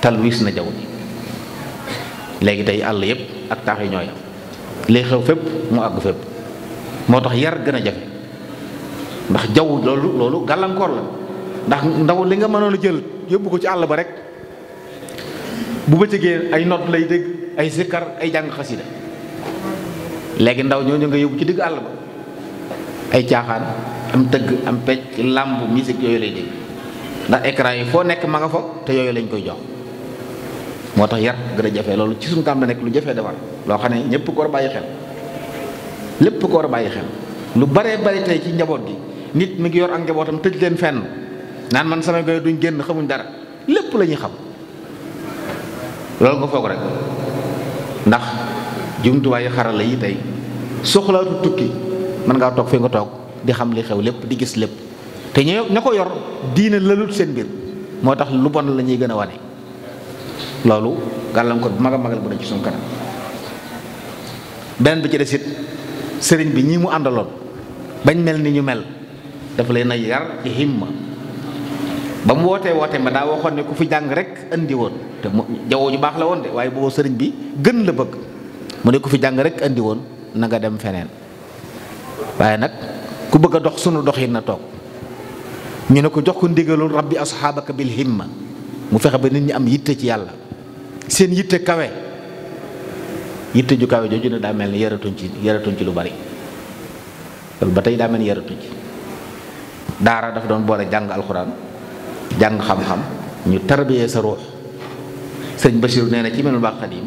talwiis na jaw ji léegi tey àll yépp ak taax yi ñooy lay xew fépp mu àgg fépp moo tax yar gën a jafe ndax jaww loolu loolu gàllankoor la ndax ndaw li nga mënoon a jël yóbbu ko ci àll ba rek bu bëccëgee ay nodd lay dégg ay sikkar ay jàng xasida léegi ndaw ñooñu nga yóbbu ci digg àll ba ay caaxaan am tëgg am pecc làmb musique yooyu lay dégg ndax écran foo nekk ma nga fa te yooyu lañ koy jox moo tax yar gën a jafe loolu ci suñu kanam la nekk lu jafee defar loo xam ne ñëpp ko war bàyyi xel lépp ko war bàyyi xel lu baree bari tey ci njaboot gi nit mi ngi yor ak njabootam tëj leen fenn naan man samay gone duñ génn xamuñ dara lépp la ñuy xam loolu nga foog rek ndax jumtuwaayu xarala yi tey soxlaatu tukki mën ngaa toog fi nga toog di xam li xew lépp di gis lépp te ñoo ña ko yor diine lalut seen mbir moo tax lu bon la ñuy gën a wane loolu gàllankoor bu maga a magal bu ne ci suñu kanam beneen bi ci des sëriñ bi ñii mu àndaloon bañ mel ni ñu mel dafa leen a yar ci himma ba mu wootee wootee ma daa waxoon ne ku fi jàng rek indi woon te mu jawoo ñu baax la woon de waaye boobu sëriñ bi gën la bëgg mu ne ku fi jàng rek indi nanga dem feneen waaye nag ku bëgg a dox sunu doxin na toog ñu ne ko jox ko ndigalul rabbi asxaabaka bil himma mu fexe ba nit ñi am yitte ci yàlla seen yitte kawe yitte ju kawe jooju ne daa mel ni yaratuñ ci yaratuñ ci lu bari loolu ba tey daa mel ni yaratuñ ci daara dafa doon boole jàng alxuraan jàng xam-xam ñu tarbiyee sa ruux sëñ Bachir nee na ci menul baax xadim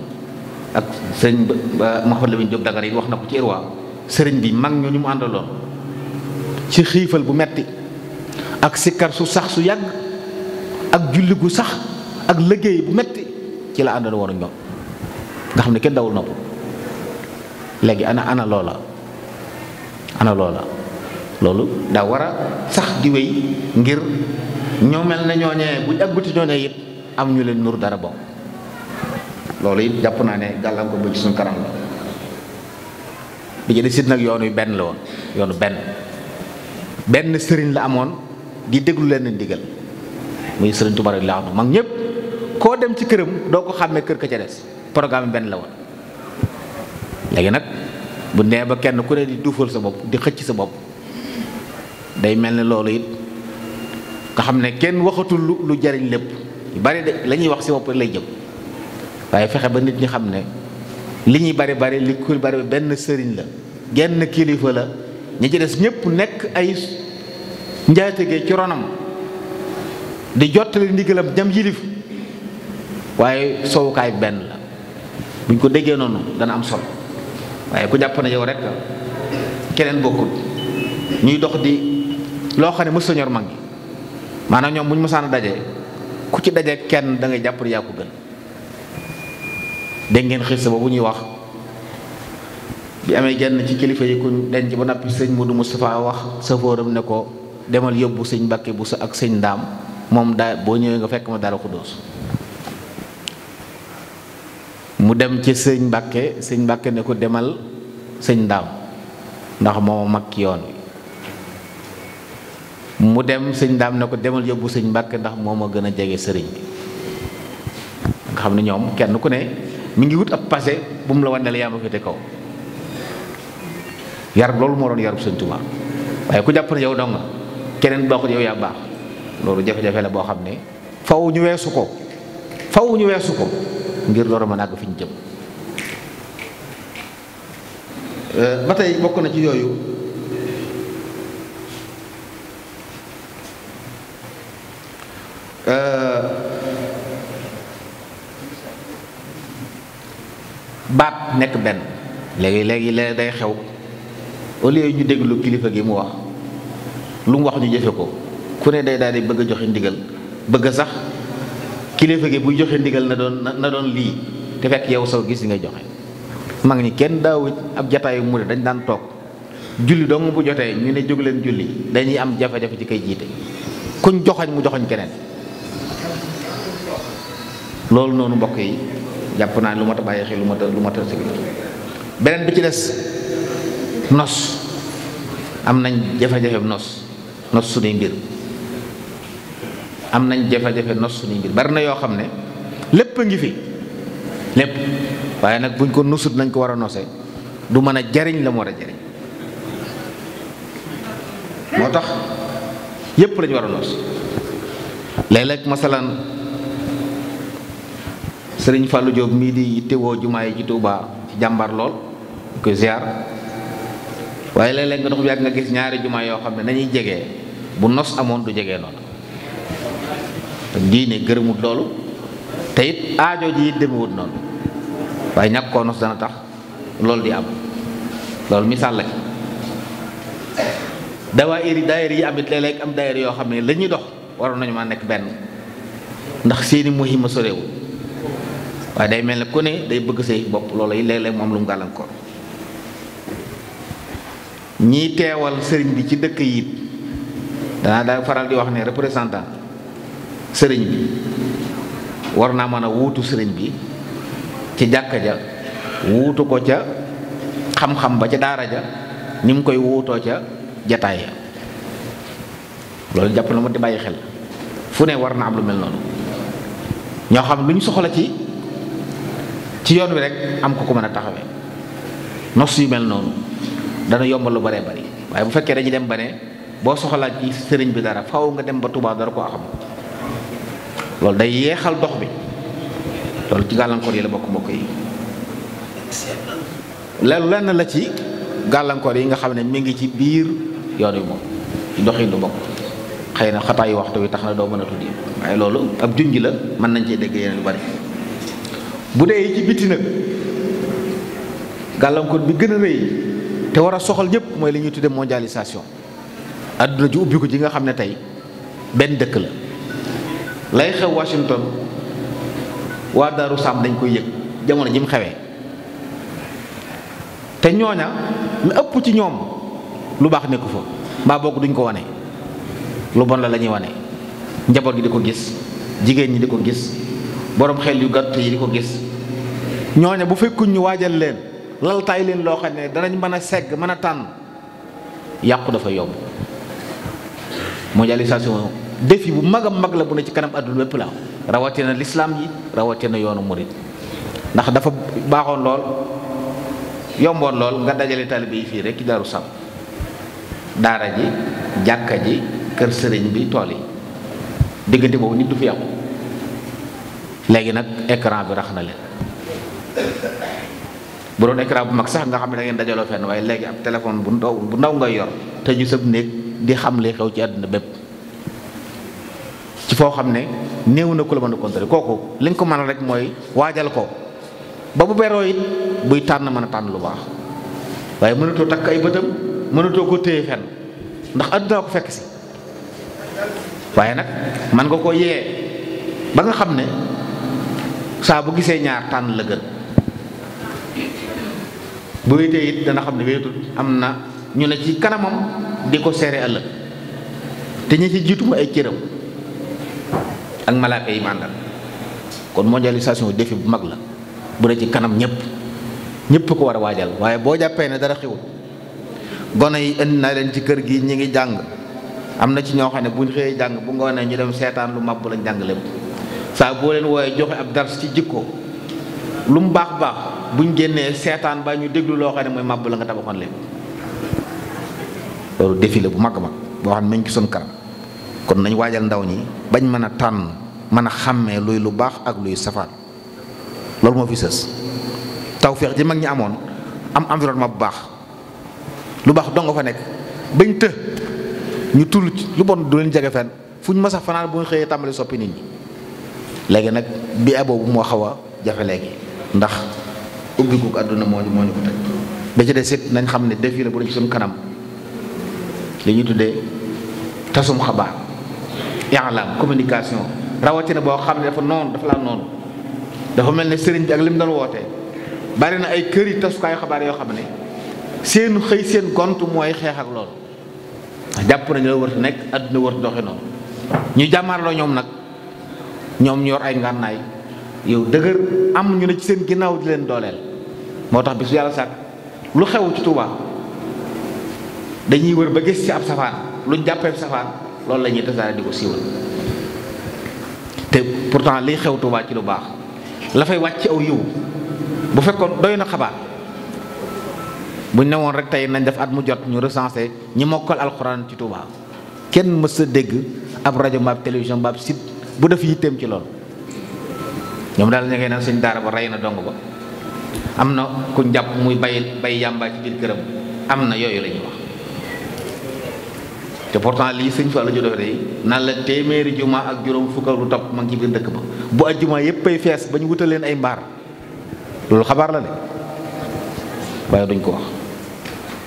ak sëñ Mouhamed Lamine Diop Dagana yi wax na ko ci Irwa sëriñ bi mag ñooñu mu àndaloon ci xiifal bu metti ak sikkar su sax su yàgg ak julli gu sax ak liggéey bu metti ci la àndal war a ñoom nga xam ne kenn dawul nopp léegi ana ana loola ana loola loolu daa war a sax di wéy ngir ñoo mel na ñooñee bu àgguti ñooñee it am ñu leen nur dara bon loolu it jàpp naa ne gàllankoor ko ci suñu kanam la bi ci nag yoon wi benn la woon yoonu benn benn sëriñ la amoon di déglu leen ndigal muy sëriñ Tuubaa la mag ñëpp koo dem ci këram doo ko xàmmee kër ka ca des programme benn la woon léegi nag bu nee ba kenn ku ne di duufal sa bopp di xëcc sa bopp day mel ne loolu it nga xam ne kenn waxatul lu jariñ lépp yu bari de lañuy wax si bopp lay jëm waaye fexe ba nit ñi xam ne li ñuy bare bari li ku bari benn sëriñ la genn kilifa la ñi ci des ñëpp nekk ay njaatige ci ronam di jottali ndigalam jam yilif waaye sowukaay benn la buñ ko déggee noonu dana am solo waaye ku jàpp ne yow rek keneen bokkul ñuy dox di loo xam ne mës ñor mag yi maanaam ñoom bu ñu mësaan daje ku ci daje kenn dangay jàpp ne yaa ko gën dégg ngeen xis boobu ñuy wax bi amee genn ci kilifa yi kuñ denc ba noppi sëñ du mu Moustapha wax safóoram ne ko demal yóbbu sëñ Mbàkke ak sëñ Ndaam moom daa boo ñëwee nga fekk ma dara ko doos mu dem ci sëñ Mbàkke sëñ Mbàkke ne ko demal sëñ Ndaam ndax moo mag ki yoon bi mu dem sëñ Ndaam ne ko demal yóbbu sëñ Mbàkke ndax moo ma gën a jege sëriñ bi nga xam ne ñoom kenn ku ne mu ngi wut ab passé bu mu la wandale yaa ma féete kaw yar loolu moo doon yarub sëñ Tuubaa waaye ku jàpp ne yow dong keneen baaxul yow yaa baax loolu jafe-jafe la boo xam ne faw ñu weesu ko faw weesu ko ngir door ma mën a àgg fi jëm euh, ba bokk na ci yooyu euh, baat nekk benn léegi léegi léegi day xew au lieu ñu déglu kilifa gi mu wax lu mu wax ñu jëfe ko ku ne day daal di bëgg a joxe ndigal bëgg sax kilifa gi buy joxe ndigal na doon na doon lii te fekk yow saw gis nga joxe mag ñi kenn daawuñ ab jataayu murid dañ daan toog julli dong bu jotee ñu ne jóg leen julli dañuy am jafe-jafe ci kay jiite kuñ joxañ mu joxoñ keneen loolu noonu mbokk yi jàpp naa lu mat a bàyyi xel lu mat a lu mat a beneen bi ci des nos am nañ jafe-jafe nos nos suñuy mbir am nañ jafe-jafe nos suñuy mbir bari na yoo xam ne lépp a ngi fi lépp waaye nag buñ ko nosut nañ ko war a nose du mën a jariñ la mu war a jariñ moo tax yépp lañu war a noos léeg-léeg sëriñ Fallou Diop mii di yittewoo jumaa yi ci Tuubaa ci jàmbar lool koy ziar waaye léeg-léeg nga dox bu yàgg nga gis ñaari jumaa yoo xam ne nañuy jege bu nos amoon du jege noonu diine gërëmut loolu te it aajo ji it demewut noonu waaye ñàkk koo nos dana tax loolu di am loolu misaal la ci dawaa iri yi am am daayir yoo xam ne la ñuy dox waroon nañu ma nekk benn ndax seeni muhima sorewul waaye day mel ne ku ne day bëgg say bopp loolu yi léeg-léeg moom lu mu gàllankoor ñi teewal sëriñ bi ci dëkk yi danaa daal faral di wax ne représentant sëriñ bi war naa mën a wuutu sëriñ bi ci jàkka ja wuutu ko ca xam-xam ba ca daara ja ñu mu koy wuutoo ca jataay ya loolu jàpp na ma di bàyyi xel fu ne war na am lu mel noonu ñoo xam lu ñu soxla ci ci yoon wi rek am ko ko mën a taxawee nos yu mel noonu dana yombal lu baree bari waaye bu fekkee dañuy dem ba ne boo soxlaa ci sëriñ bi dara faw nga dem ba Touba dara koo xam loolu day yéexal dox bi loolu ci gàllankoor yi la bokk mbokk yi. loolu lenn la ci gàllankoor yi nga xam ne mi ngi ci biir yoon wi moom ci bokk xëy na xataa waxtu wi tax na doo mën a tuddi waaye loolu ab junj la mën nañ cee dégg yeneen lu bari bu dee ci bitti nag gàllankoor bi gën a rëy. te war a soxal ñëpp mooy li ñuy tuddee mondialisation àdduna ju ubbi ji nga xam ne tey benn dëkk la lay xew Washington waa Daaru Sam dañ koy yëg jamono ji mu xewee te ñooña lu ëpp ci ñoom lu baax nekku fa mbaa bokk duñ ko wane lu bon la la ñuy wane njaboot gi di ko gis jigéen ñi di ko gis boroom xel yu gàtt yi di ko gis ñooña bu fekkuñ ñu waajal leen. lal leen loo xam ne danañ mën a segg mën a tànn yàqu dafa yomb mondialisation défi bu mag a mag la bu ne ci kanam àdduna bépp la rawatina lislaam ji rawatina yoonu murit ndax dafa baaxoon lool yomboon lool nga dajale taalibe yi fii rek ci Daaru Sam daara ji jàkka ji kër sëriñ bi tool yi diggante boobu nit du fi yàqu léegi nag écran bi rax na leen bu doon écran bu mag sax nga xam a da ngeen dajaloo fenn waaye léegi ab téléphone bu ndaw bu ndaw ngay yor te ñu sëb néeg di xam li xew ci àdduna bépp ci foo xam ne néew na ku la mën a contrôler kooku liñ ko mën rek mooy waajal ko ba bu beroo it tànn mën a tànn lu baax waaye mënatoo takk ay bëtam mënatoo ko téye fen ndax àdduna ko fekk si waaye nag man nga koo yee ba nga xam ne saa bu gisee ñaar tànn la gën bu wéetee it dana xam ne wéetul am na ñu ne ci kanamam di ko seere ëllëg te ñi ci jiitu ay cëram ak malaaka yi màndal kon mondialisation défi bu mag la bu ne ci kanam ñëpp ñëpp ko war a waajal waaye boo jàppee ne dara xewul gone yi indi naa leen ci kër gi ñu ngi jàng am na ci ñoo xam ne buñ xëyee jàng bu ngoonee ñu dem seetaan lu màbb lañ jàng lépp saa boo leen wooyee joxe ab dars ci jikko lu mu baax baax bu ñu génnee seetaan ba ñu déglu loo xam ne mooy màbb la nga tabaxoon lépp loolu défi bu mag a mag boo xam ne nañ ci suñ kanam kon nañ waajal ndaw ñi bañ mën a tànn mën a xàmmee luy lu baax ak luy safaan loolu moo fi sës tawféex ci mag ñi amoon am environnement bu baax lu baax dong fa nekk bañ të ñu tull lu bon du leen jege fenn fu ñu mës a fanaan bu ñu xëyee tàmbali soppi nit ñi léegi nag bi boobu moo xaw a jafe léegi ndax ubbi ko àdduna moo ñu moo ñu ko teg ba ci des nañ xam ne défi la bu ne ci suñ kanam li ñu tuddee tasum xabaar i'lam communication rawatina boo xam ne dafa noonu dafa laa noonu dafa mel ne sëriñ bi ak li mu wootee bari na ay kër yi tasukaayu xabaar yoo xam ne seen xëy seen gont mooy xeex ak loolu jàpp nañu la war nekk àdduna war doxe noonu ñu jàmmaarloo ñoom nag ñoom ñor ay ngànnaay yow dëgër am ñu ne ci seen ginnaaw di leen dooleel moo tax bi su yàlla sàkk lu xew ci Touba dañuy wër ba gis ci ab safaan luñ jàppeeb safaan loolu la ñuy tasaare di ko siiwal te pourtant liy xew Touba ci lu baax la fay wàcc aw yiw bu fekkoon doy na xabaar buñ ne woon rek tey nañ def at mu jot ñu recensé ñi mokkal alxuraan ci Touba kenn mës sa dégg ab rajo mbaab télévision mbaab site bu def yitteem ci lool ñoom daal ñu ngay naan seen daara ba rey na dong ko am na ku njàpp muy bay bay yàmbaa ci biir këram am na yooyu la ñuy wax te pourtant lii sëñ Fallu ju dofe naan la téeméeri juma ak juróom fukka lu topp ngi ci biir dëkk ba bu ajjuma yépp ay fees ba ñu wutal leen ay mbaar loolu xabaar la de waaye duñ ko wax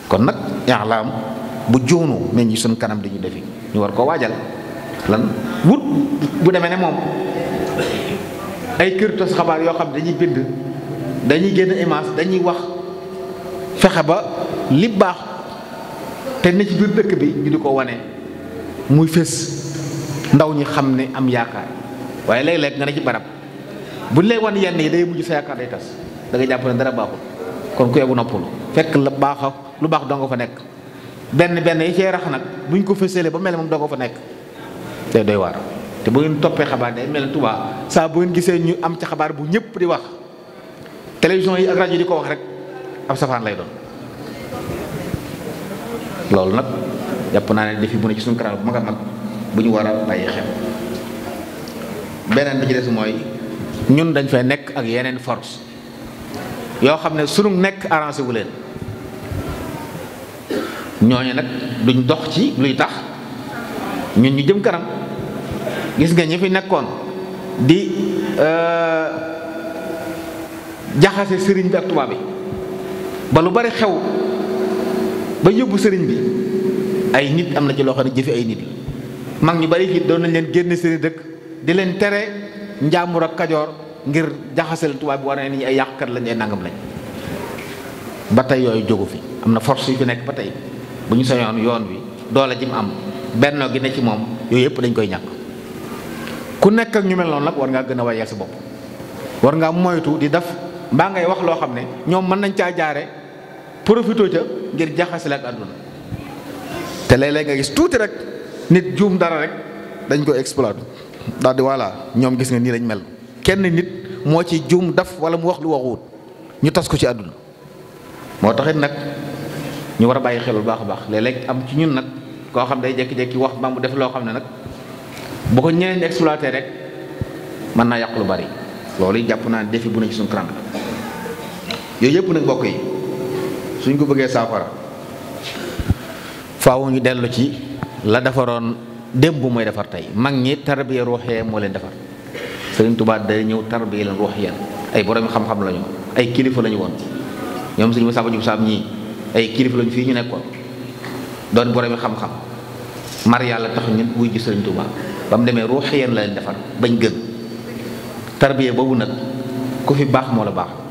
kon nag i'laam bu joonu meñ ñi suñ kanam dañu defi ñu war ko waajal lan wut bu demee ne moom ay kër tos xabaar yoo xam dañuy bind dañuy génn image dañuy wax fexe ba li baax te nit ci biir dëkk bi ñu di ko wane muy fés ndaw ñi xam ne am yaakaar waaye léeg lekk nga ne ci barab buñ lay wan yenn yi day mujj sa yaakaar day tas da nga jàpp ne dara baaxul kon ku yebbu noppalu fekk la baax lu baax doo nga fa nekk benn benn yi cee rax nag buñ ko fësalee ba mel moom doo nga fa nekk day doy waar te bu ngeen toppee xabaar day mel ne Tuubaa saa bu ngeen gisee ñu am ca xabaar bu ñëpp di wax. télévision yi ak rajo di ko wax rek ab safaan lay doon loolu nag jàpp naa ne defi bu ne ci suñu kanam bu mag a bu ñu war a bàyyi beneen bi ci des mooy ñun dañ fay nekk ak yeneen force yoo xam ne sunu nekk arrangé wu leen ñooñu nag duñ dox ci luy tax ñun ñu jëm kanam gis nga ñi fi nekkoon di. Euh, jaxase sëriñ bi ak tubaab bi ba lu bari xew ba yóbbu sëriñ bi ay nit am na ci loo ne jëfi ay nit mag ñu bari fii doon nañ leen génne seen dëkk di leen tere njàmbur ak kajoor ngir jaxase leen tubaab bi war nañ ay yàqkat lañ ay nangam lañ ba tey yooyu jógu fi am na force yu fi nekk ba tey bu ñu sañoon yoon wi doole ji mu am bennoo gi ne ci moom yooyu yëpp dañ koy ñàkk ku nekk ak ñu mel noonu nag war ngaa gën a wayal sa bopp war ngaa mbaa ngay wax loo xam ne ñoom mën nañ caa jaare profité ca ngir jaxase ak àdduna te léeg nga gis tuuti rek nit juum dara rek dañ ko exploité daal di voilà ñoom gis nga nii lañ mel kenn nit moo ci juum daf wala mu wax lu waxuut ñu tas ko ci àdduna moo taxit nag ñu war a bàyyi xel bu baax a baax léeg-léeg am ci ñun nag koo xam day jékki-jékki wax ba mu def loo xam ne nag bu ko ñeneen exploité rek mën naa yàq lu bari loolu jàpp naa defi bu ne ci suñu kanam yooyu yëpp nag bokk yi suñ ko bëggee saafara faaw ñu dellu ci la defaroon démb mooy defar tey mag ñi tarbiya ruuxiya moo leen defar Sëriñ Tuubaa day ñëw tarbiya leen ruuxiya ay borom xam-xam lañu ay kilifa lañu woon ñoom suñu Masamba Jóob Saam ñii ay kilifa lañu fii ñu nekkoon doon borom xam-xam mar yàlla tax ñun wuy ji Sëriñ Tuubaa ba mu demee ruuxiya la leen defar bañ gën tarbiya boobu nag ku fi baax moo la baax.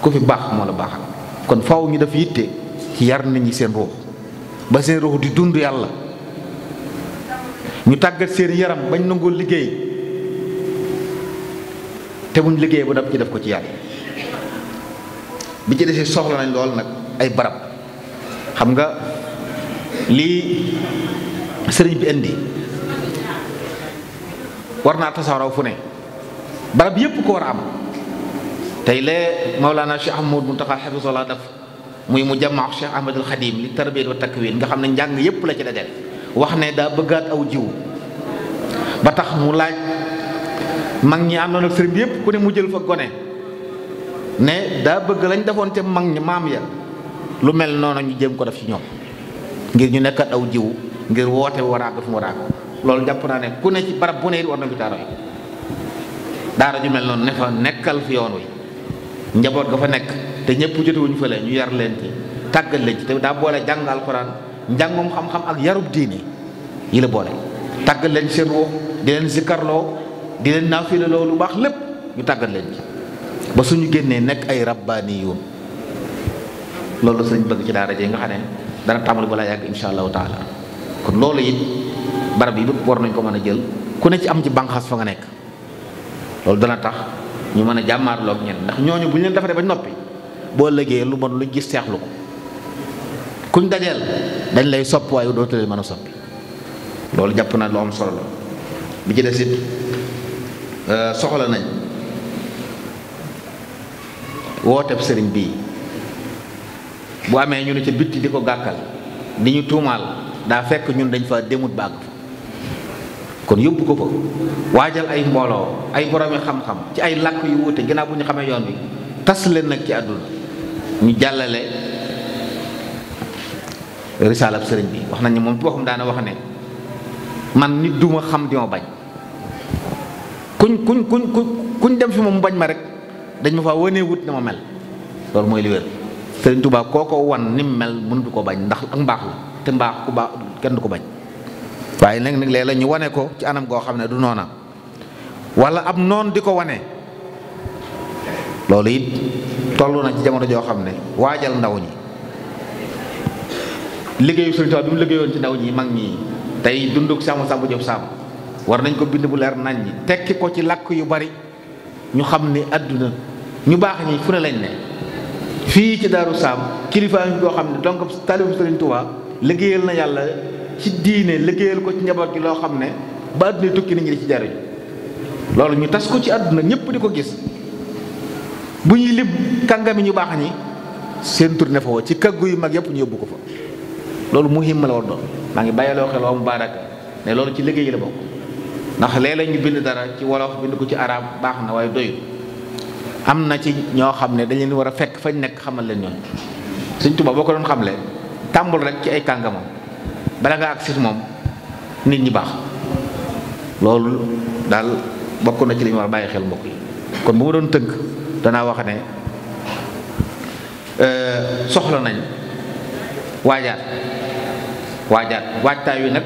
ku fi baax moo la baaxal kon faaw ñu def yitte ci yar nit ñi seen ruux ba seen ruux di dund yàlla ñu tàggat seen yaram bañ nangoo liggéey te buñ liggéey ba daf ci def ko ci yàlla bi ci desee soxla nañ lool nag ay barab xam nga lii sëriñ bi indi war naa tasaaroo fu ne barab yépp ko war a am tey lee Maulana Cheikh Ahmadou Mountakha hafizahullah daf muy mu jamaa Cheikh Ahmadul Xadim li tarbiyat wa takwin nga xam ne njàng yépp la ci dajal wax ne daa bëggaat aw jiw ba tax mu laaj mag ñi am na sëriñ bi yépp ku ne mu jël fa gone ne daa bëgg lañ defoon ca mag ñi maam ya lu mel noonu ñu jëm ko def ci ñoom ngir ñu nekkat aw jiw ngir woote waraag fu mu waraag loolu jàpp naa ne ku ne ci barab bu ne war na fi daara yi daara ju mel noonu ne fa nekkal fi yoon wi njaboot ga fa nekk te ñëpp jotewuñu fële ñu yar leen ci tàggal leen ci te daa boole jàng alxuraan njàngum xam-xam ak yarub diine yi la boole tàggal leen seen ruux di leen zikkarloo di leen naafilaloo lu baax lépp ñu tàggal leen ci ba suñu génnee nekk ay rabbaaniyuun loolu sëñ bëgg ci daara jee nga xam ne dana tàmbali balaa yàgg insha allahu taala kon loolu it barab yi bépp war nañ ko mën a jël ku ne ci am ci bànqaas fa nga nekk loolu tax ñu mën a jàmmaarloog ñen ndax ñooñu bu ñu leen defaree ba noppi boo lëgee lu bon lu gis seexlu ko kuñ dajeel dañ lay sopp waaye dootu leen mën a soppi loolu jàpp naa lu am solo la bi ci des euh, soxla nañ wooteb sëriñ bii bu amee ñu ne ca bitti di ko gàkkal di ñu tuumaal daa fekk ñun dañ fa demut bàgg kon yóbbu ko fa waajal ay mbooloo ay boroomi xam-xam ci ay làkk yu wuute ginnaaw bu ñu xamee yoon wi tas leen nag ci àdduna ñu jàllale risaalab sëriñ bi wax nañ ne moom ci boppam daana wax ne man nit duma xam di ma bañ kuñ kuñ kuñ kuñ dem fi moom bañ ma rek dañ ma fa wanee wut ne ma mel loolu mooy li wér sëriñ Tuubaa koo ko wan ni mu mel du ko bañ ndax ak mbaax la te mbaax ku baax kenn du ko bañ waaye nag nag léeg-léeg wane ko ci anam goo xam ne du noona wala ab noon di ko wane loolu it toll na ci jamono joo xam ne waajal ndaw ñi liggéeyu Sëriñ Tuubaa bi mu liggéeyoon ci ndaw ñi mag ñi tey dunduk sàmm sàmm jëf sàmm war nañ ko bind bu leer nañ ñi tekki ko ci làkk yu bari ñu xam ni àdduna ñu baax ñi fu ne lañ ne fii ci Daaru Saam kilifaa yi koo xam ne donc taalibam Sëriñ liggéeyal na yàlla ci diine liggéeyal ko ci njaboot gi loo xam ne ba àdduna tukki nit ñi di ci jariñ loolu ñu tas ko ci àdduna ñëpp di ko gis bu ñuy lib kàngami ñu baax ñi seen tourné fa ci kaggu yu mag yëpp ñu yóbbu ko fa loolu muhim la war doon maa ngi bàyyiloo xel waa mubaaraka loolu ci liggéey la bokk ndax léeg-léeg ñu bind dara ci wolof bind ko ci arab baax na waaye doyul am na ci ñoo xam ne dañ leen war a fekk fañ nekk xamal leen ñoom Sëñ Tuubaa boo ko doon xamle tàmbul rek ci ay kàngamam bala nga ak si moom nit ñi baax loolu daal bokk na ci li war bàyyi xel mbokk yi kon bu ma doon tëgg danaa wax ne euh, soxla nañ waajaat waajaat waajtaay wi nag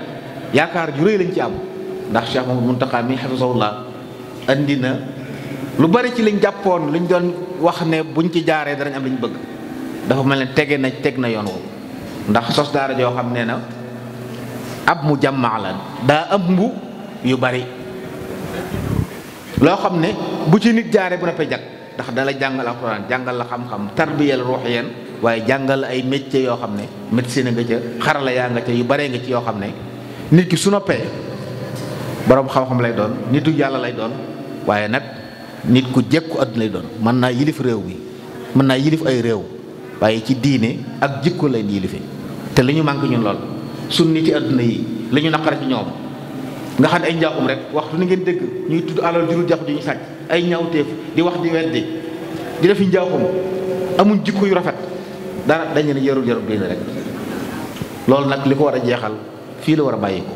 yaakaar ju rëy lañ ci am ndax Cheikh Mamadou Muntaxa mi xafisahullah indi na lu bari ci liñ jàppoon liñ doon wax ne buñ ci jaaree danañ am liñ bëgg dafa mel ne tege na teg na yoon woowu ndax sos daara joo xam nee na ab mu jàmmaa daa daa ëmb yu bari loo xam ne bu ci nit jaaree bu noppee jag ndax dala jàngal alxuraan jàngal la xam-xam tarbiyal ruux yeen waaye jàngal ay métier yoo xam ne médecine nga ca xarala yaa nga ca yu baree nga ci yoo xam ne nit ki su noppee boroom xam-xam lay doon nitu yàlla lay doon waaye nag nit ku jekku àdduna lay doon mën naa yilif réew mi mën naa yilif ay réew waaye ci diine ak jikko lay yilife te li ñu manqué ñun lool suñ nit yi àdduna yi li ñu naqare ci ñoom nga xam ne ay njaaxum rek waxtu ni ngeen dégg ñuy tudd alal jurul jaxu ñu sàcc ay ñaawteef di wax di weddi di def njaaxum amuñ jikko yu rafet dara dañu ne yarul yarul génn rek loolu nag li ko war a jeexal fii la war a bàyyi ko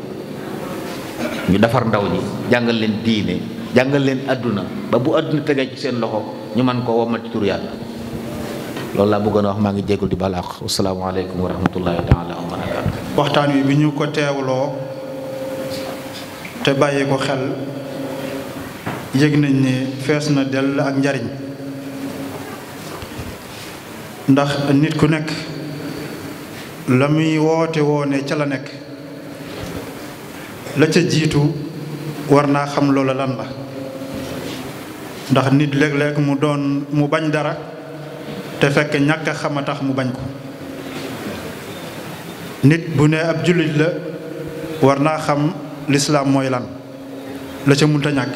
ñu defar ndaw ñi jàngal leen diine jàngal leen àdduna ba bu àdduna tegee ci seen loxo ñu man koo wamal ci tur yàlla loolu laa bëggoon wax maa ngi jéggul di balaax wassalaamu aleykum wa rahmatullahi taala wa barakaatu waxtaan wi bi ñu ko teewloo te bàyyi ko xel yëg nañ ne fees na dell ak njariñ ndax nit ku nekk la muy woote woone ca la nekk la ca jiitu war naa xam loola lan la ndax nit léeg-léeg mu doon mu bañ dara te fekk ñàkk a xam a tax mu bañ ko nit bu ne ab jullit la war naa xam lislaam mooy lan la ca munta ñàkk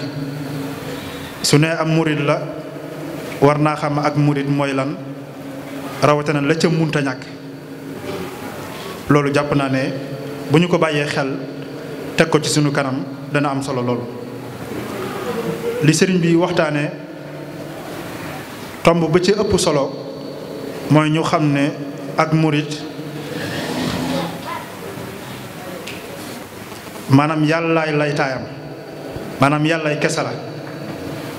su ne am murit la war naa xam ak murit mooy lan rawatina la ca munta ñàkk loolu jàpp naa ne bu ñu ko bàyyee xel teg ko ci sunu kanam dana am solo loolu li sëriñ bi waxtaane tomb ba ci ëpp solo mooy ñu xam ne ak murit maanaam yàllaay laytaayam maanaam yàllaay kese la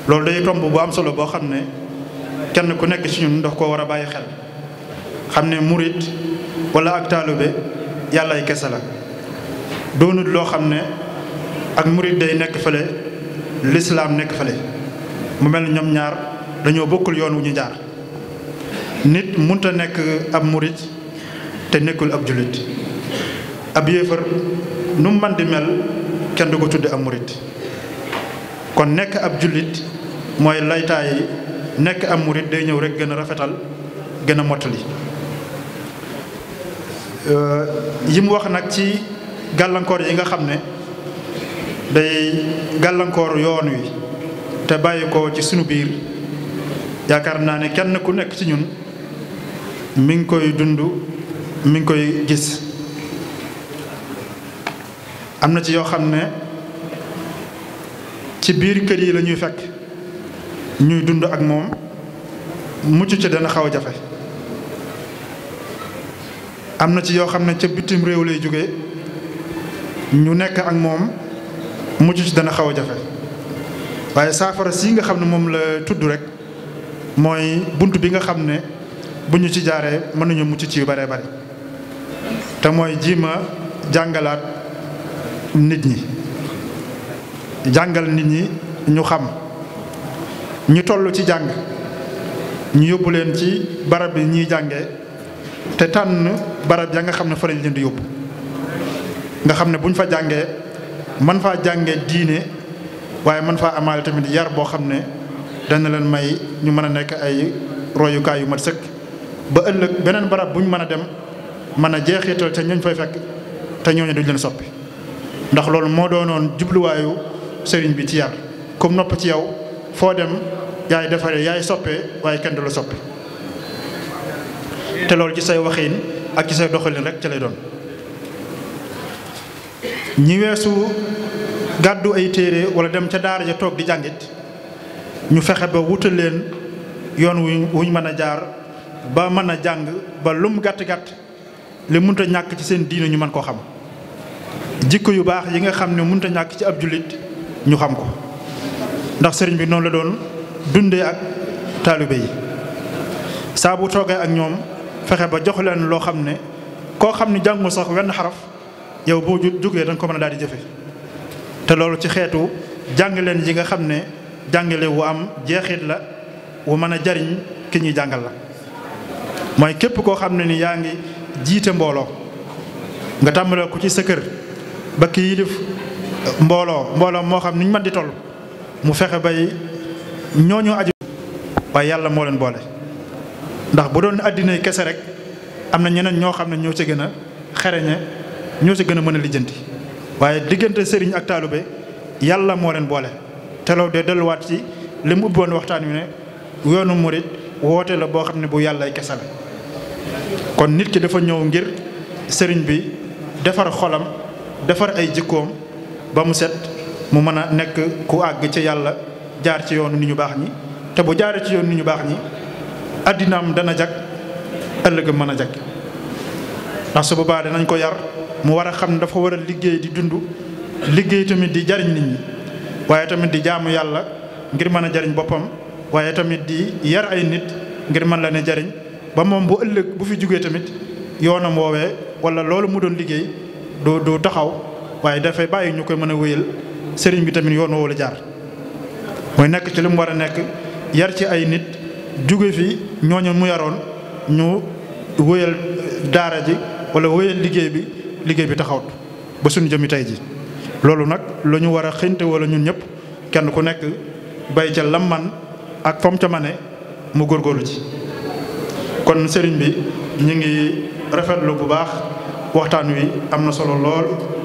loolu day tomb bu am solo boo xam ne kenn ku nekk ci ñun ndox koo war a bàyyi xel xam ne murit wala ak taalube yàllaay kese la doonut loo xam ne ak murit day nekk fële lislaam nekk fële mu mel ni ñoom ñaar dañoo bokkul yoon wu ñu jaar nit munta nekk ab murit te nekkul ab jullit ab yéefar nu mu man di mel kenn du ko tudde am murit kon nekk ab jullit mooy laytaayi nekk am murit day ñëw rek gën a rafetal gën a mottali euh, yi mu wax nag ci gàllankoor yi nga xam ne day gàllankoor yoon wi te bàyyi ko ci sunu biir yaakaar naa ne kenn ku nekk ci ñun mi ngi koy dund mi ngi koy gis am na ci yoo xam ne ci biir kër yi lañuy fekk ñuy dund ak moom mucc ca dana xaw a jafe am na ci yoo xam ne ca bitim réew lay jóge ñu nekk ak moom mucc ci dana xaw a jafe waaye saafara si nga xam ne moom la tudd rek mooy bunt bi nga xam ne bu ñu ci jaaree mën nañu mucc ci yu bare bare te mooy jiima jàngalaat nit ñi jàngal nit ñi ñu xam ñu toll ci jàng ñu yóbbu leen ci barab bi ñuy jànge te tànn barab ya nga xam ne fa lañ leen di yóbbu nga xam ne buñ fa jàngee man faa jànge diine waaye man faa amaale tamit yar boo xam ne dana leen may ñu mën a nekk ay royukaay yu mat sëkk ba ëllëg beneen barab buñ mën a dem mën a jeexital ca ñooñu fay fekk te ñooñu duñ leen soppi ndax loolu moo doonoon jubluwaayu sëriñ bi ci yar comme nopp ci yow foo dem yaay defaree yaay soppee waaye kenn du la soppe te loolu ci say waxin ak ci say doxalin rek ca lay doon ñi weesu gàddu ay téere wala dem ca daara ja toog di jàngit ñu fexe ba wutal leen yoon wuñ wuñ mën a jaar ba mën a jàng ba lum gàtt gàtt li mënut a ñàkk ci seen diine ñu mën koo xam jikko yu baax yi nga xam ne mënut a ñàkk ci ab jullit ñu xam ko ndax sëriñ bi noonu la doon dunde ak taalibe yi saa bu toogee ak ñoom fexe ba jox leen loo xam ne koo xam ne jàngul sax wenn xaraf yow boo jógee da nga ko mën a daal di jëfe te loolu ci xeetu jàng leen yi nga xam ne jàngale wu am jeexit la wu mën a jariñ ki ñuy jàngal la mooy képp koo xam ne ni yaa ngi jiite mbooloo nga tàmbalee ko ci sa kër ba kii yilif mbooloo mbooloo moo xam ni ñu mën di toll mu fexe bay ñooñu aju waaye yàlla moo leen boole ndax bu doon àddina kese rek am na ñeneen ñoo xam ne ñoo ci gën a xereñe ñoo ci gën a mën a lijjanti waaye diggante sëriñ ak taalibe yàlla moo leen boole te loolu de delluwaat ci li mu ubboon waxtaan wi ne yoonu murit woote la boo xam ne bu yàllay kese la kon nit ki dafa ñëw ngir sëriñ bi defar xolam defar ay jikkoom ba mu set mu mën a nekk ku àgg ci yàlla jaar ci yoonu ni ñu baax ñi te bu jaaree ci yoonu ni ñu baax ñi addinaam dana jag ëllëgam mën a jag ndax su baa danañ ko yar mu war a xam ne dafa war a liggéey di dund liggéey tamit di jariñ nit ñi waaye tamit di jaamu yàlla ngir mën a jariñ boppam waaye tamit di yar ay nit ngir mën la ne jariñ ba moom bu ëllëg bu fi jugee tamit yoonam woowee wala loolu mu doon liggéey du du taxaw waaye dafay bàyyi ñu koy mën a wéyal sëriñ bi tamit yoon woo la jaar. mooy nekk ci li mu war a nekk yar ci ay nit jóge fi ñooñu mu yaroon ñu wéyal daara ji wala wéyal liggéey bi liggéey bi taxawut ba suñu jëmi tey ji loolu nag la ñu war a xinte wala ñun ñëpp kenn ku nekk bay ca lam ak fam ca mane mu góorgóorlu ci kon sëriñ bi ñu ngi rafetlu bu baax waxtaan wi am na solo lool